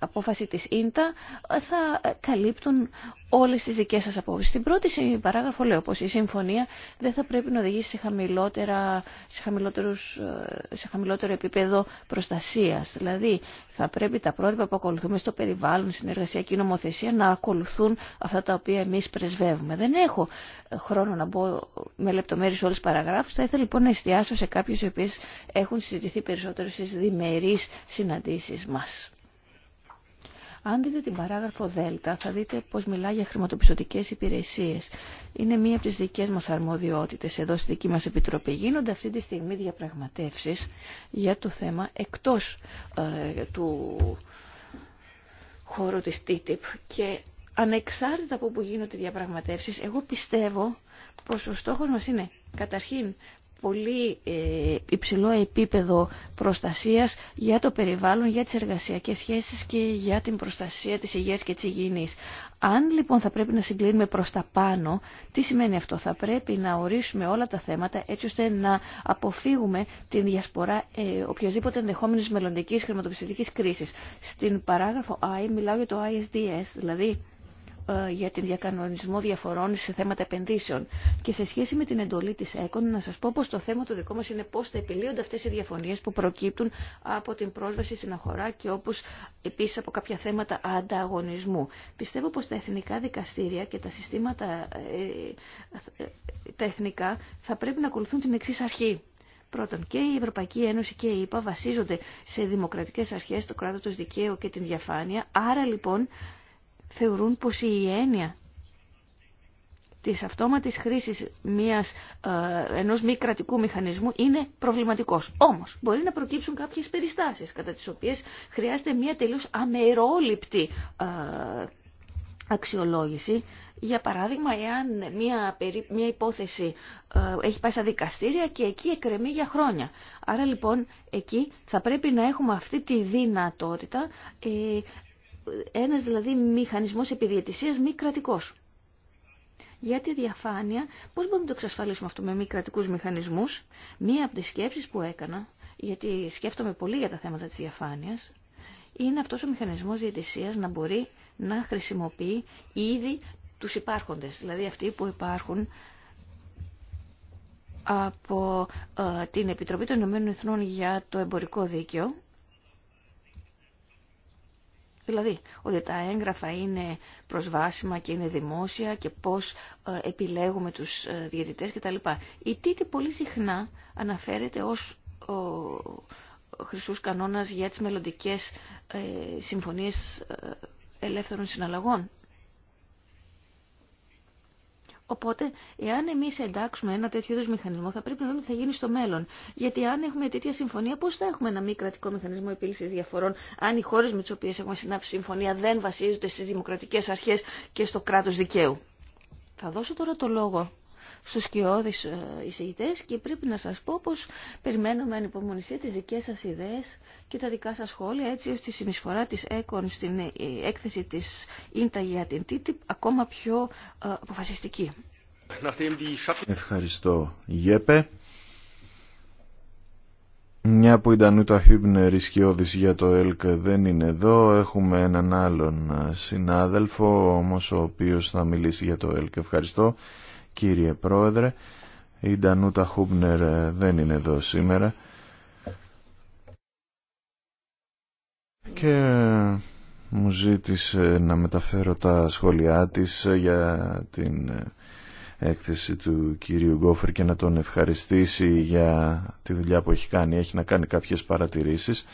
απόφαση της ΙΝΤΑ θα καλύπτουν όλες τις δικές σας απόψεις. Στην πρώτη παράγραφο λέω πως η συμφωνία δεν θα πρέπει να οδηγήσει σε, χαμηλότερα, σε, χαμηλότερους, σε χαμηλότερο επίπεδο προστασίας. Δηλαδή θα πρέπει τα πρότυπα που ακολουθούμε στο περιβάλλον, και νομοθεσία να ακολουθούν αυτά τα οποία εμείς πρεσβεύουμε. Δεν έχω χρόνο να μπω με λεπτομέρειες όλες τις παραγράφους. Θα ήθελα λοιπόν να εστιάσω σε κάποιες οι οποίες έχουν συζητηθεί περισσότερο στις διμερείς συναντήσεις μας. Αν δείτε την παράγραφο Δέλτα, θα δείτε πως μιλά για χρηματοπιστωτικές υπηρεσίες. Είναι μία από τις δικές μας αρμοδιότητες εδώ στη δική μας Επιτροπή. Γίνονται αυτή τη στιγμή διαπραγματεύσεις για το θέμα εκτός ε, του χώρου της TTIP και ανεξάρτητα από που γίνονται οι διαπραγματεύσεις, εγώ πιστεύω πως ο στόχος μας είναι καταρχήν πολύ ε, υψηλό επίπεδο προστασίας για το περιβάλλον, για τις εργασιακές σχέσεις και για την προστασία της υγείας και της υγιεινής. Αν λοιπόν θα πρέπει να συγκλίνουμε προς τα πάνω, τι σημαίνει αυτό. Θα πρέπει να ορίσουμε όλα τα θέματα έτσι ώστε να αποφύγουμε την διασπορά ε, οποιασδήποτε ενδεχόμενη μελλοντική χρηματοπιστωτική κρίση. Στην παράγραφο I μιλάω για το ISDS, δηλαδή ε, για την διακανονισμό διαφορών σε θέματα επενδύσεων. Και σε σχέση με την εντολή της ΕΚΟΝ, να σας πω πως το θέμα το δικό μας είναι πώς θα επιλύονται αυτές οι διαφωνίες που προκύπτουν από την πρόσβαση στην αγορά και όπως επίσης από κάποια θέματα ανταγωνισμού. Πιστεύω πως τα εθνικά δικαστήρια και τα συστήματα ε, ε, τα εθνικά θα πρέπει να ακολουθούν την εξή αρχή. Πρώτον, και η Ευρωπαϊκή Ένωση και η ΕΠΑ βασίζονται σε δημοκρατικές αρχές, το κράτος δικαίου και την διαφάνεια. Άρα λοιπόν θεωρούν πως η έννοια της αυτόματης χρήσης μιας, ε, ενός μη κρατικού μηχανισμού είναι προβληματικός. Όμως, μπορεί να προκύψουν κάποιες περιστάσεις, κατά τις οποίες χρειάζεται μια τελείως αμερόληπτη ε, αξιολόγηση. Για παράδειγμα, εάν μια, μια υπόθεση ε, έχει πάει στα δικαστήρια και εκεί εκρεμεί για χρόνια. Άρα λοιπόν εκεί θα πρέπει να έχουμε αυτή τη δυνατότητα ε, ένας δηλαδή μηχανισμός επιδιαιτησίας μη κρατικός. Για τη διαφάνεια, πώς μπορούμε να το εξασφαλίσουμε αυτό με μη κρατικούς μηχανισμούς. Μία από τις σκέψεις που έκανα, γιατί σκέφτομαι πολύ για τα θέματα της διαφάνειας, είναι αυτός ο μηχανισμός διαιτησίας να μπορεί να χρησιμοποιεί ήδη τους υπάρχοντες, δηλαδή αυτοί που υπάρχουν από ε, την Επιτροπή των Ηνωμένων Εθνών για το Εμπορικό Δίκαιο, Δηλαδή, ότι τα έγγραφα είναι προσβάσιμα και είναι δημόσια και πώς ε, επιλέγουμε τους ε, διαιτητές κτλ. Η τίτη πολύ συχνά αναφέρεται ως ο χρυσούς κανόνας για τις μελλοντικές ε, συμφωνίες ελεύθερων συναλλαγών. Οπότε, εάν εμεί εντάξουμε ένα τέτοιο είδου μηχανισμό, θα πρέπει να δούμε τι θα γίνει στο μέλλον. Γιατί αν έχουμε τέτοια συμφωνία, πώ θα έχουμε ένα μη κρατικό μηχανισμό επίλυση διαφορών, αν οι χώρε με τι οποίε έχουμε συνάψει συμφωνία δεν βασίζονται στι δημοκρατικέ αρχέ και στο κράτο δικαίου. Θα δώσω τώρα το λόγο Στου σκιώδεις ε, εισηγητές και πρέπει να σας πω πως περιμένουμε ανυπομονησία τις δικές σας ιδέες και τα δικά σας σχόλια έτσι ώστε η συνεισφορά τη ΕΚΟΝ στην ε, έκθεση της ΙΝΤΑ για την TTIP ακόμα πιο ε, αποφασιστική. Ευχαριστώ Γέπε. Μια που η Ντανούτα Χίμπνερ ισχυώδης για το ΕΛΚ δεν είναι εδώ, έχουμε έναν άλλον συνάδελφο όμως ο οποίος θα μιλήσει για το ΕΛΚ. Ευχαριστώ κύριε Πρόεδρε. Η Ντανούτα Χούμπνερ ε, δεν είναι εδώ σήμερα. Και ε, μου ζήτησε να μεταφέρω τα σχόλιά της ε, για την έκθεση του κυρίου Γκόφερ και να τον ευχαριστήσει για τη δουλειά που έχει κάνει. Έχει να κάνει κάποιες παρατηρήσεις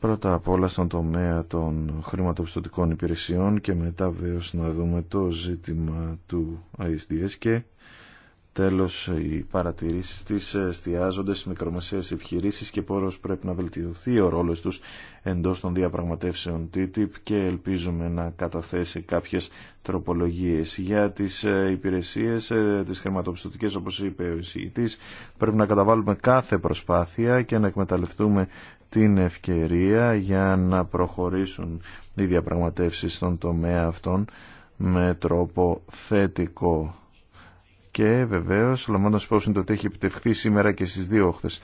Πρώτα απ' όλα στον τομέα των χρηματοπιστωτικών υπηρεσιών και μετά βέβαια να δούμε το ζήτημα του ISDS και Τέλος, οι παρατηρήσεις της εστιάζονται στις μικρομεσαίες επιχειρήσεις και πόρος πρέπει να βελτιωθεί ο ρόλος τους εντός των διαπραγματεύσεων TTIP και ελπίζουμε να καταθέσει κάποιες τροπολογίες για τις ε, υπηρεσίες, ε, τις χρηματοπιστωτικές όπως είπε ο εισηγητής. Πρέπει να καταβάλουμε κάθε προσπάθεια και να εκμεταλλευτούμε την ευκαιρία για να προχωρήσουν οι διαπραγματεύσεις στον τομέα αυτών με τρόπο θετικό και βεβαίως λαμβάνοντας είναι το ότι έχει επιτευχθεί σήμερα και στις δύο όχθες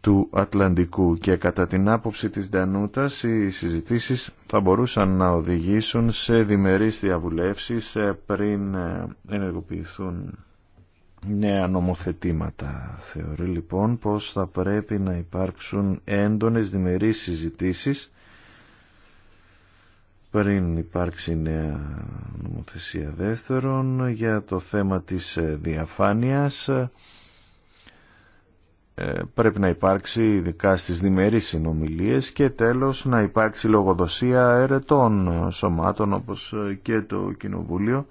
του Ατλαντικού και κατά την άποψη της Ντανούτας οι συζητήσεις θα μπορούσαν να οδηγήσουν σε διμερείς διαβουλεύσεις ε, πριν ε, ενεργοποιηθούν νέα νομοθετήματα. Θεωρεί λοιπόν πως θα πρέπει να υπάρξουν έντονες διμερείς συζητήσεις πριν υπάρξει νέα νομοθεσία δεύτερον για το θέμα της ε, διαφάνειας ε, ε, πρέπει να υπάρξει ειδικά στις διμερείς συνομιλίες και τέλος να υπάρξει λογοδοσία ερετών σωμάτων όπως και το Κοινοβούλιο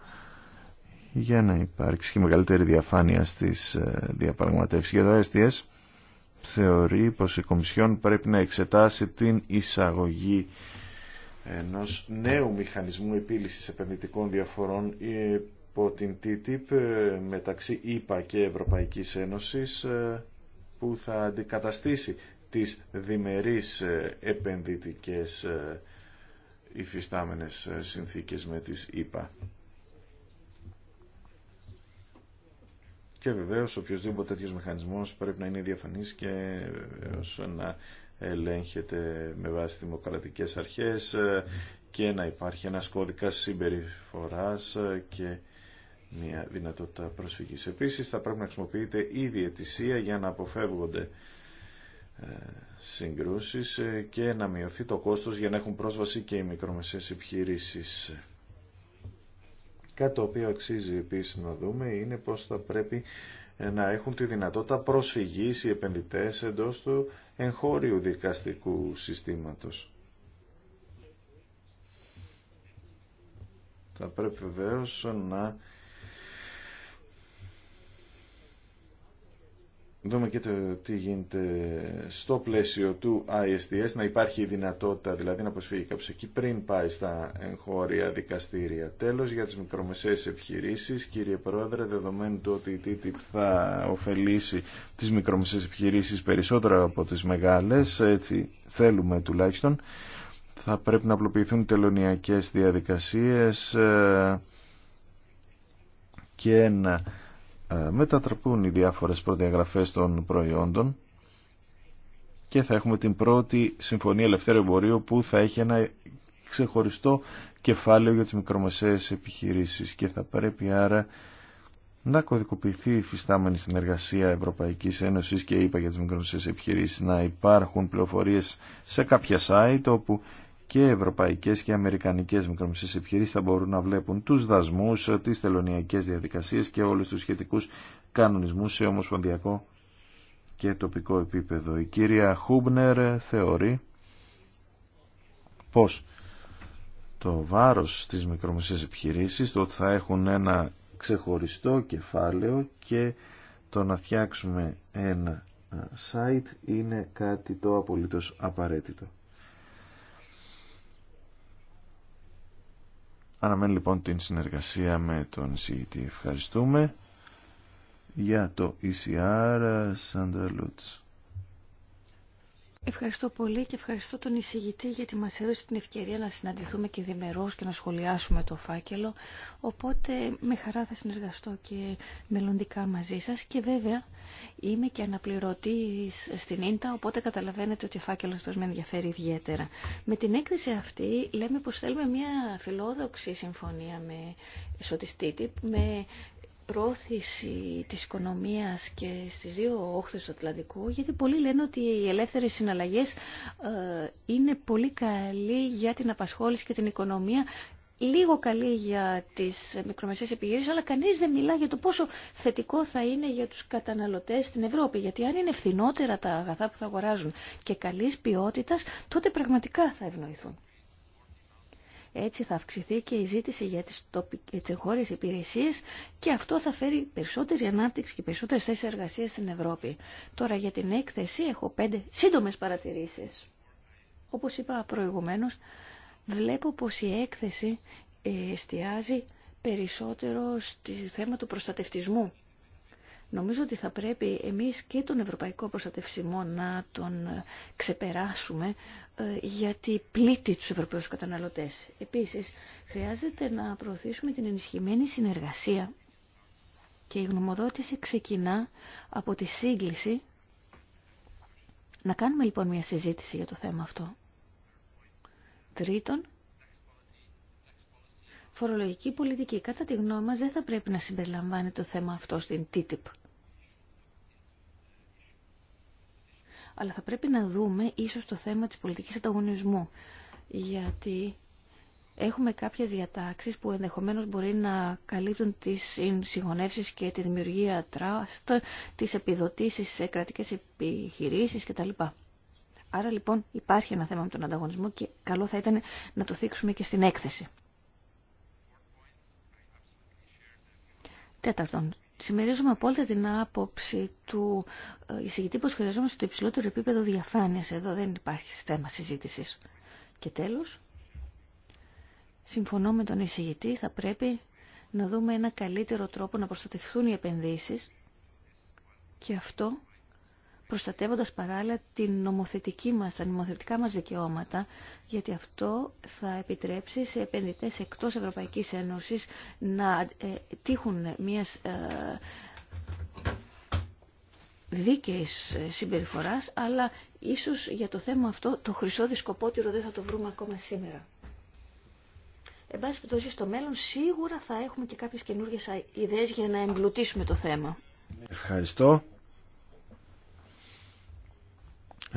για να υπάρξει και μεγαλύτερη διαφάνεια στις διαπραγματεύσεις και το STS θεωρεί πως η Κομισιόν πρέπει να εξετάσει την εισαγωγή ενός νέου μηχανισμού επίλυσης επενδυτικών διαφορών υπό την TTIP ε, μεταξύ ΙΠΑ και Ευρωπαϊκής Ένωσης ε, που θα αντικαταστήσει τις διμερείς ε, επενδυτικές υφιστάμενες συνθήκες με τις ΙΠΑ. Και βεβαίως οποιοδήποτε τέτοιος μηχανισμός πρέπει να είναι διαφανής και να ελέγχεται με βάση δημοκρατικές αρχές ε, και να υπάρχει ένας κώδικας συμπεριφοράς ε, και μια δυνατότητα προσφυγής. Επίσης θα πρέπει να χρησιμοποιείται η διαιτησία για να αποφεύγονται ε, συγκρούσεις και να μειωθεί το κόστος για να έχουν πρόσβαση και οι μικρομεσαίες επιχειρήσεις. Κάτι το οποίο αξίζει επίσης να δούμε είναι πώς θα πρέπει να έχουν τη δυνατότητα προσφυγής οι επενδυτές εντός του εγχώριου δικαστικού συστήματος. Θα πρέπει βεβαίω να δούμε και το τι γίνεται στο πλαίσιο του ISDS, να υπάρχει η δυνατότητα δηλαδή να προσφύγει κάποιος εκεί πριν πάει στα εγχώρια δικαστήρια. Τέλος, για τις μικρομεσαίες επιχειρήσεις, κύριε Πρόεδρε, δεδομένου του ότι η TTIP θα ωφελήσει τις μικρομεσαίες επιχειρήσεις περισσότερο από τις μεγάλες, έτσι θέλουμε τουλάχιστον, θα πρέπει να απλοποιηθούν τελωνιακές διαδικασίες ε, και να ε, μετατραπούν οι διάφορες προδιαγραφές των προϊόντων και θα έχουμε την πρώτη Συμφωνία Ελευθέρου Εμπορίου που θα έχει ένα ξεχωριστό κεφάλαιο για τις μικρομεσαίες επιχειρήσεις και θα πρέπει άρα να κωδικοποιηθεί η φυστάμενη συνεργασία Ευρωπαϊκής Ένωσης και είπα για τις μικρομεσαίες επιχειρήσεις να υπάρχουν πληροφορίες σε κάποια site όπου και ευρωπαϊκές και αμερικανικές μικρομεσαίες επιχειρήσεις θα μπορούν να βλέπουν τους δασμούς, τις τελωνιακές διαδικασίες και όλους τους σχετικούς κανονισμούς σε ομοσπονδιακό και τοπικό επίπεδο. Η κυρία Χούμπνερ θεωρεί πως το βάρος της μικρομεσαίας επιχειρήσης, το ότι θα έχουν ένα ξεχωριστό κεφάλαιο και το να φτιάξουμε ένα site είναι κάτι το απολύτως απαραίτητο. Αναμένει λοιπόν την συνεργασία με τον εισηγητή. Ευχαριστούμε για το ECR Σανταλούτς. Ευχαριστώ πολύ και ευχαριστώ τον εισηγητή γιατί μας έδωσε την ευκαιρία να συναντηθούμε και διμερώς και να σχολιάσουμε το φάκελο. Οπότε με χαρά θα συνεργαστώ και μελλοντικά μαζί σας και βέβαια είμαι και αναπληρωτής στην ίντα οπότε καταλαβαίνετε ότι ο φάκελος τους με ενδιαφέρει ιδιαίτερα. Με την έκθεση αυτή λέμε πως θέλουμε μια φιλόδοξη συμφωνία με σωτιστήτη με πρόθεση της οικονομίας και στις δύο όχθες του Ατλαντικού, γιατί πολλοί λένε ότι οι ελεύθερες συναλλαγές ε, είναι πολύ καλή για την απασχόληση και την οικονομία, λίγο καλή για τις μικρομεσαίες επιχειρήσεις, αλλά κανείς δεν μιλά για το πόσο θετικό θα είναι για τους καταναλωτές στην Ευρώπη. Γιατί αν είναι φθηνότερα τα αγαθά που θα αγοράζουν και καλής ποιότητας, τότε πραγματικά θα ευνοηθούν. Έτσι θα αυξηθεί και η ζήτηση για τις, χώρε υπηρεσίες και αυτό θα φέρει περισσότερη ανάπτυξη και περισσότερες θέσεις εργασίας στην Ευρώπη. Τώρα για την έκθεση έχω πέντε σύντομες παρατηρήσεις. Όπως είπα προηγουμένως, βλέπω πως η έκθεση ε, εστιάζει περισσότερο στη θέμα του προστατευτισμού Νομίζω ότι θα πρέπει εμείς και τον ευρωπαϊκό προστατευσιμό να τον ξεπεράσουμε ε, γιατί πλήττει τους ευρωπαίους καταναλωτές. Επίσης, χρειάζεται να προωθήσουμε την ενισχυμένη συνεργασία και η γνωμοδότηση ξεκινά από τη σύγκληση. Να κάνουμε λοιπόν μια συζήτηση για το θέμα αυτό. Τρίτον, φορολογική πολιτική. Κατά τη γνώμη μας δεν θα πρέπει να συμπεριλαμβάνει το θέμα αυτό στην TTIP. αλλά θα πρέπει να δούμε ίσως το θέμα της πολιτικής ανταγωνισμού. Γιατί έχουμε κάποιες διατάξεις που ενδεχομένως μπορεί να καλύπτουν τις συγχωνεύσεις και τη δημιουργία τραστ, τις επιδοτήσεις σε κρατικές επιχειρήσεις κτλ. Άρα λοιπόν υπάρχει ένα θέμα με τον ανταγωνισμό και καλό θα ήταν να το θίξουμε και στην έκθεση. Τέταρτον, συμμερίζουμε απόλυτα την άποψη του ε, εισηγητή πως χρειαζόμαστε το υψηλότερο επίπεδο διαφάνειας. Εδώ δεν υπάρχει θέμα συζήτησης. Και τέλος, συμφωνώ με τον εισηγητή, θα πρέπει να δούμε ένα καλύτερο τρόπο να προστατευτούν οι επενδύσεις και αυτό προστατεύοντας παράλληλα την νομοθετική μας, τα νομοθετικά μας δικαιώματα, γιατί αυτό θα επιτρέψει σε επενδυτές εκτός Ευρωπαϊκής Ένωσης να ε, τύχουν μιας ε, δίκαιης συμπεριφοράς, αλλά ίσως για το θέμα αυτό το χρυσό δισκοπότηρο δεν θα το βρούμε ακόμα σήμερα. Εν πάση περιπτώσει, στο μέλλον σίγουρα θα έχουμε και κάποιες καινούργιες ιδέες για να εμπλουτίσουμε το θέμα. Ευχαριστώ.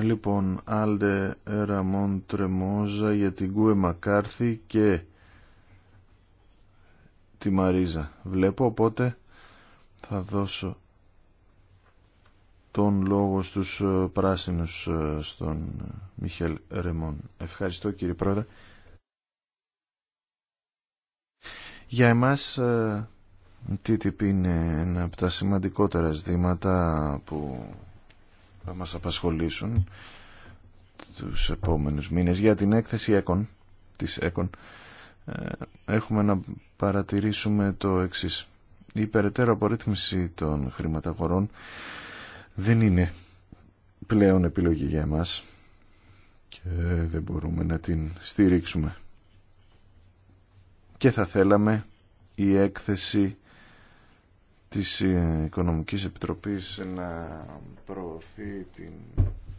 Λοιπόν, Άλντε Ραμόν Τρεμόζα για την Κούε Μακάρθη και τη Μαρίζα. Βλέπω, οπότε θα δώσω τον λόγο στους ε, πράσινους ε, στον ε, Μιχέλ Ρεμόν. Ευχαριστώ κύριε Πρόεδρε. Για εμάς τι είναι ένα από τα σημαντικότερα ζητήματα που θα μας απασχολήσουν τους επόμενους μήνες. Για την έκθεση ΕΚΟΝ, της ΕΚΟΝ ε, έχουμε να παρατηρήσουμε το εξής. Η περαιτέρω απορρίθμιση των χρηματαγορών δεν είναι πλέον επιλογή για εμάς και δεν μπορούμε να την στηρίξουμε. Και θα θέλαμε η έκθεση της ε, Οικονομικής Επιτροπής να προωθεί την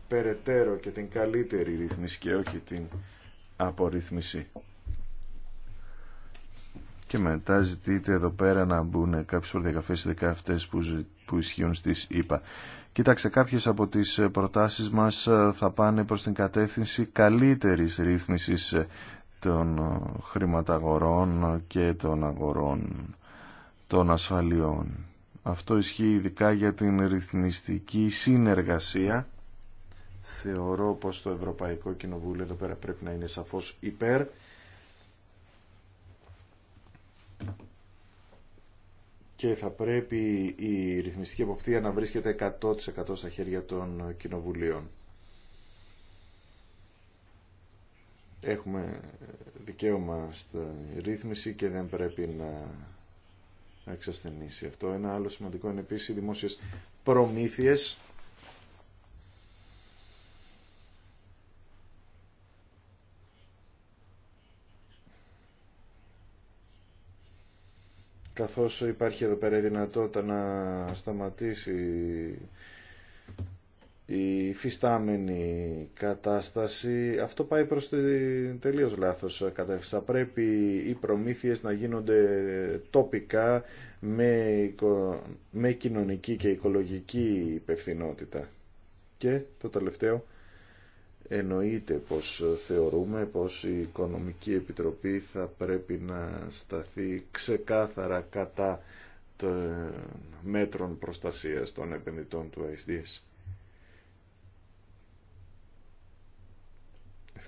περαιτέρω και την καλύτερη ρύθμιση και όχι την απορρίθμιση. Και μετά ζητείτε εδώ πέρα να μπουν κάποιες προδιαγραφές ειδικά αυτές που, που ισχύουν στις ΗΠΑ. Κοίταξε, κάποιες από τις προτάσεις μας ε, θα πάνε προς την κατεύθυνση καλύτερης ρύθμισης ε, των χρηματαγορών και των αγορών των ασφαλιών. Αυτό ισχύει ειδικά για την ρυθμιστική συνεργασία. Θεωρώ πως το Ευρωπαϊκό Κοινοβούλιο εδώ πέρα πρέπει να είναι σαφώς υπέρ. Και θα πρέπει η ρυθμιστική εποπτεία να βρίσκεται 100% στα χέρια των κοινοβουλίων. Έχουμε δικαίωμα στη ρύθμιση και δεν πρέπει να εξασθενήσει αυτό. Ένα άλλο σημαντικό είναι επίσης οι δημόσιες προμήθειες. Καθώς υπάρχει εδώ πέρα η δυνατότητα να σταματήσει η φυστάμενη κατάσταση, αυτό πάει προς τη τελείως λάθος κατεύθυνση. Θα πρέπει οι προμήθειες να γίνονται τοπικά με, κοινωνική και οικολογική υπευθυνότητα. Και το τελευταίο, εννοείται πως θεωρούμε πως η Οικονομική Επιτροπή θα πρέπει να σταθεί ξεκάθαρα κατά των μέτρων προστασίας των επενδυτών του ISDS.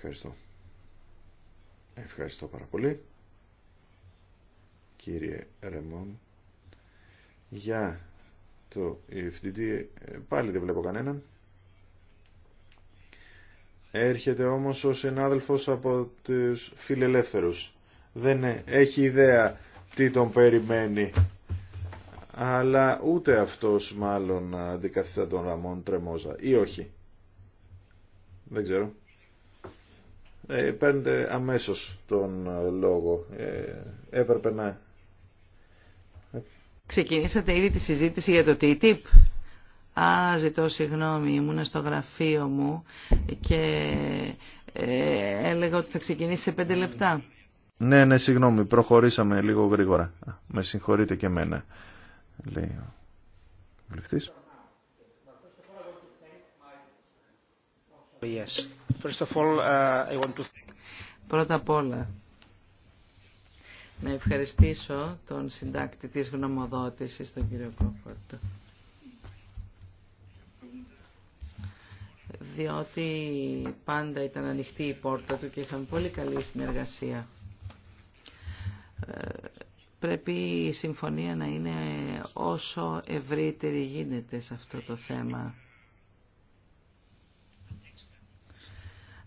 Ευχαριστώ. Ευχαριστώ πάρα πολύ. Κύριε Ρεμόν. Για το EFTD ε, πάλι δεν βλέπω κανέναν. Έρχεται όμως ο συνάδελφος από τους φιλελεύθερους. Δεν ε, έχει ιδέα τι τον περιμένει. Αλλά ούτε αυτός μάλλον αντικαθιστά τον Ραμόν Τρεμόζα ή όχι. Δεν ξέρω ε, παίρνετε αμέσως τον ε, λόγο. Ε, έπρεπε να... Ξεκινήσατε ήδη τη συζήτηση για το TTIP. Α, ζητώ συγγνώμη, ήμουν στο γραφείο μου και ε, έλεγα ότι θα ξεκινήσει σε πέντε λεπτά. Ναι, ναι, συγγνώμη, προχωρήσαμε λίγο γρήγορα. Με συγχωρείτε και εμένα, λέει ο Uh, Πρώτα απ' όλα, να ευχαριστήσω τον συντάκτη της γνωμοδότησης, τον κύριο Κόφορτ. Διότι πάντα ήταν ανοιχτή η πόρτα του και είχαμε πολύ καλή συνεργασία. Ε, πρέπει η συμφωνία να είναι όσο ευρύτερη γίνεται σε αυτό το θέμα.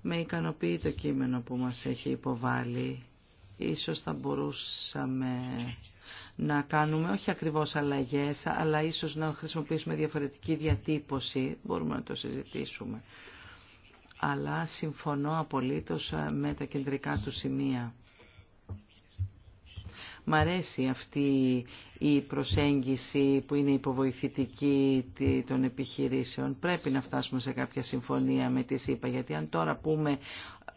με ικανοποιεί το κείμενο που μας έχει υποβάλει. Ίσως θα μπορούσαμε να κάνουμε όχι ακριβώς αλλαγές, αλλά ίσως να χρησιμοποιήσουμε διαφορετική διατύπωση. Μπορούμε να το συζητήσουμε. Αλλά συμφωνώ απολύτως με τα κεντρικά του σημεία. Μ' αρέσει αυτή η προσέγγιση που είναι υποβοηθητική των επιχειρήσεων. Πρέπει να φτάσουμε σε κάποια συμφωνία με τη ΣΥΠΑ, γιατί αν τώρα πούμε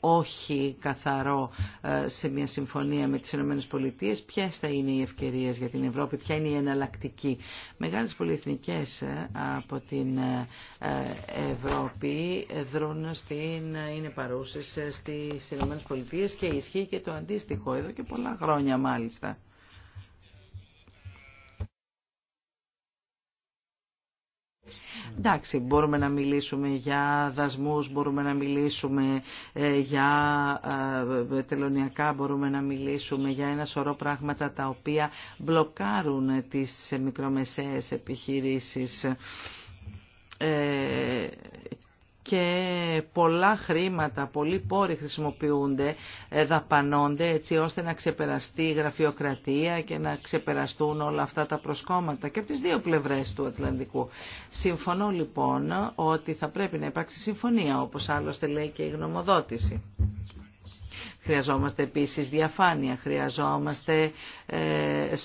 όχι καθαρό ε, σε μια συμφωνία με τις ΗΠΑ, ποιε θα είναι οι ευκαιρίες για την Ευρώπη, ποια είναι η εναλλακτική. Μεγάλες πολυεθνικές ε, από την ε, Ευρώπη δρούν στην, είναι παρούσες στις ΗΠΑ και ισχύει και το αντίστοιχο εδώ και πολλά χρόνια μάλιστα. Εντάξει, μπορούμε να μιλήσουμε για δασμούς, μπορούμε να μιλήσουμε ε, για ε, τελωνιακά, μπορούμε να μιλήσουμε για ένα σωρό πράγματα τα οποία μπλοκάρουν τις μικρομεσαίες επιχειρήσεις ε, και πολλά χρήματα, πολλοί πόροι χρησιμοποιούνται, ε, δαπανώνται έτσι ώστε να ξεπεραστεί η γραφειοκρατία και να ξεπεραστούν όλα αυτά τα προσκόμματα και από τις δύο πλευρές του Ατλαντικού. Συμφωνώ λοιπόν ότι θα πρέπει να υπάρξει συμφωνία, όπως άλλωστε λέει και η γνωμοδότηση. Χρειαζόμαστε επίσης διαφάνεια, χρειαζόμαστε ε, ε,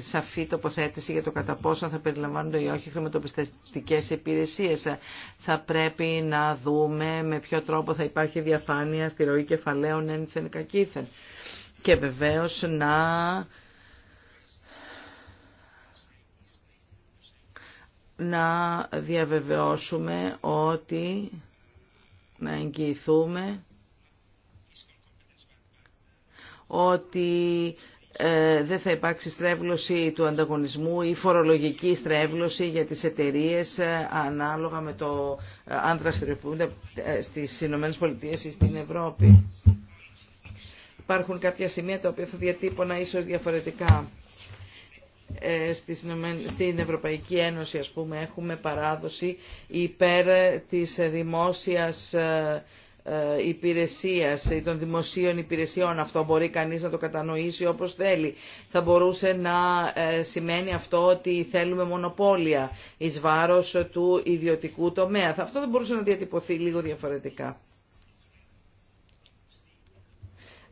σαφή τοποθέτηση για το κατά πόσο θα περιλαμβάνονται ή όχι χρηματοπιστωτικές υπηρεσίες. Θα πρέπει να δούμε με ποιο τρόπο θα υπάρχει διαφάνεια στη ροή κεφαλαίων ένθεν κακήθεν. Και βεβαίως να να διαβεβαιώσουμε ότι να εγγυηθούμε ότι ε, δεν θα υπάρξει στρέβλωση του ανταγωνισμού ή φορολογική στρέβλωση για τις εταιρείες ε, ανάλογα με το ε, αν δραστηριοποιούνται στις Ηνωμένες ή στην Ευρώπη. Υπάρχουν κάποια σημεία τα οποία θα διατύπωνα ίσως διαφορετικά. Στην Ευρωπαϊκή Ένωση, ας πούμε, έχουμε παράδοση υπέρ της δημόσιας ε, υπηρεσίας ή των δημοσίων υπηρεσιών. Αυτό μπορεί κανείς να το κατανοήσει όπως θέλει. Θα μπορούσε να ε, σημαίνει αυτό ότι θέλουμε μονοπόλια εις βάρος του ιδιωτικού τομέα. Αυτό δεν μπορούσε να διατυπωθεί λίγο διαφορετικά.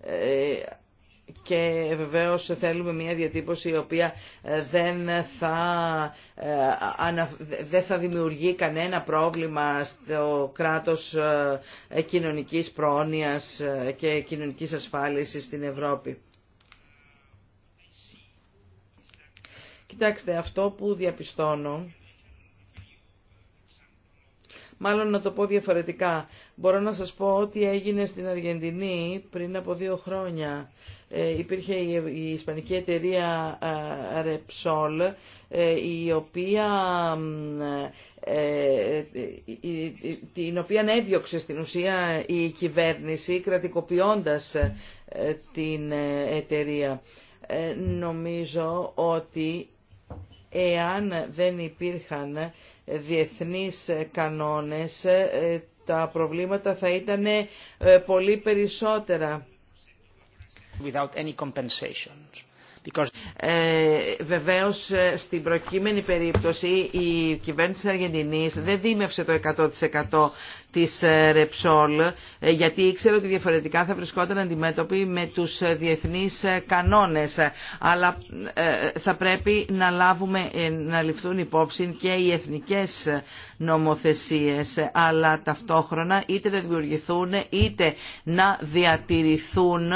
Ε, και βεβαίως θέλουμε μια διατύπωση η οποία ε, δεν θα, ε, θα δημιουργεί κανένα πρόβλημα στο κράτος ε, κοινωνικής πρόνοιας και κοινωνικής ασφάλισης στην Ευρώπη. Κοιτάξτε, αυτό που διαπιστώνω, μάλλον να το πω διαφορετικά, Μπορώ να σας πω ότι έγινε στην Αργεντινή πριν από δύο χρόνια. Ε, υπήρχε η, ισπανική εταιρεία ε, Repsol, ε, η οποία, την οποία έδιωξε στην ουσία η κυβέρνηση κρατικοποιώντας την εταιρεία. Νομίζω ότι εάν δεν υπήρχαν διεθνείς κανόνες τα προβλήματα θα ήταν ε, πολύ περισσότερα. Without any compensations. Because... Ε, βεβαίως ε, στην προκείμενη περίπτωση η κυβέρνηση της Αργεντινής δεν δίμευσε το 100% της ε, Ρεψόλ, ε, γιατί ήξερε ότι διαφορετικά θα βρισκόταν αντιμέτωποι με τους ε, διεθνείς κανόνες. Αλλά θα πρέπει να, λάβουμε, να ληφθούν υπόψη και οι εθνικές νομοθεσίες, αλλά ταυτόχρονα είτε να δημιουργηθούν είτε να διατηρηθούν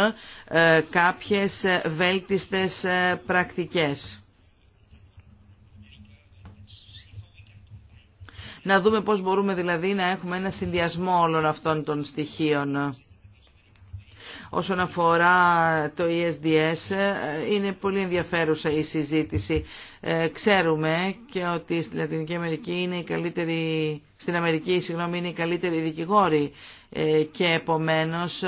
κάποιες βέλτιστες πρακτικές. Να δούμε πώς μπορούμε δηλαδή να έχουμε ένα συνδυασμό όλων αυτών των στοιχείων. Όσον αφορά το ESDS, είναι πολύ ενδιαφέρουσα η συζήτηση. Ε, ξέρουμε και ότι στην Λατινική Αμερική είναι καλύτερη, στην Αμερική συγγνώμη, είναι η καλύτερη δικηγόρη ε, και επομένως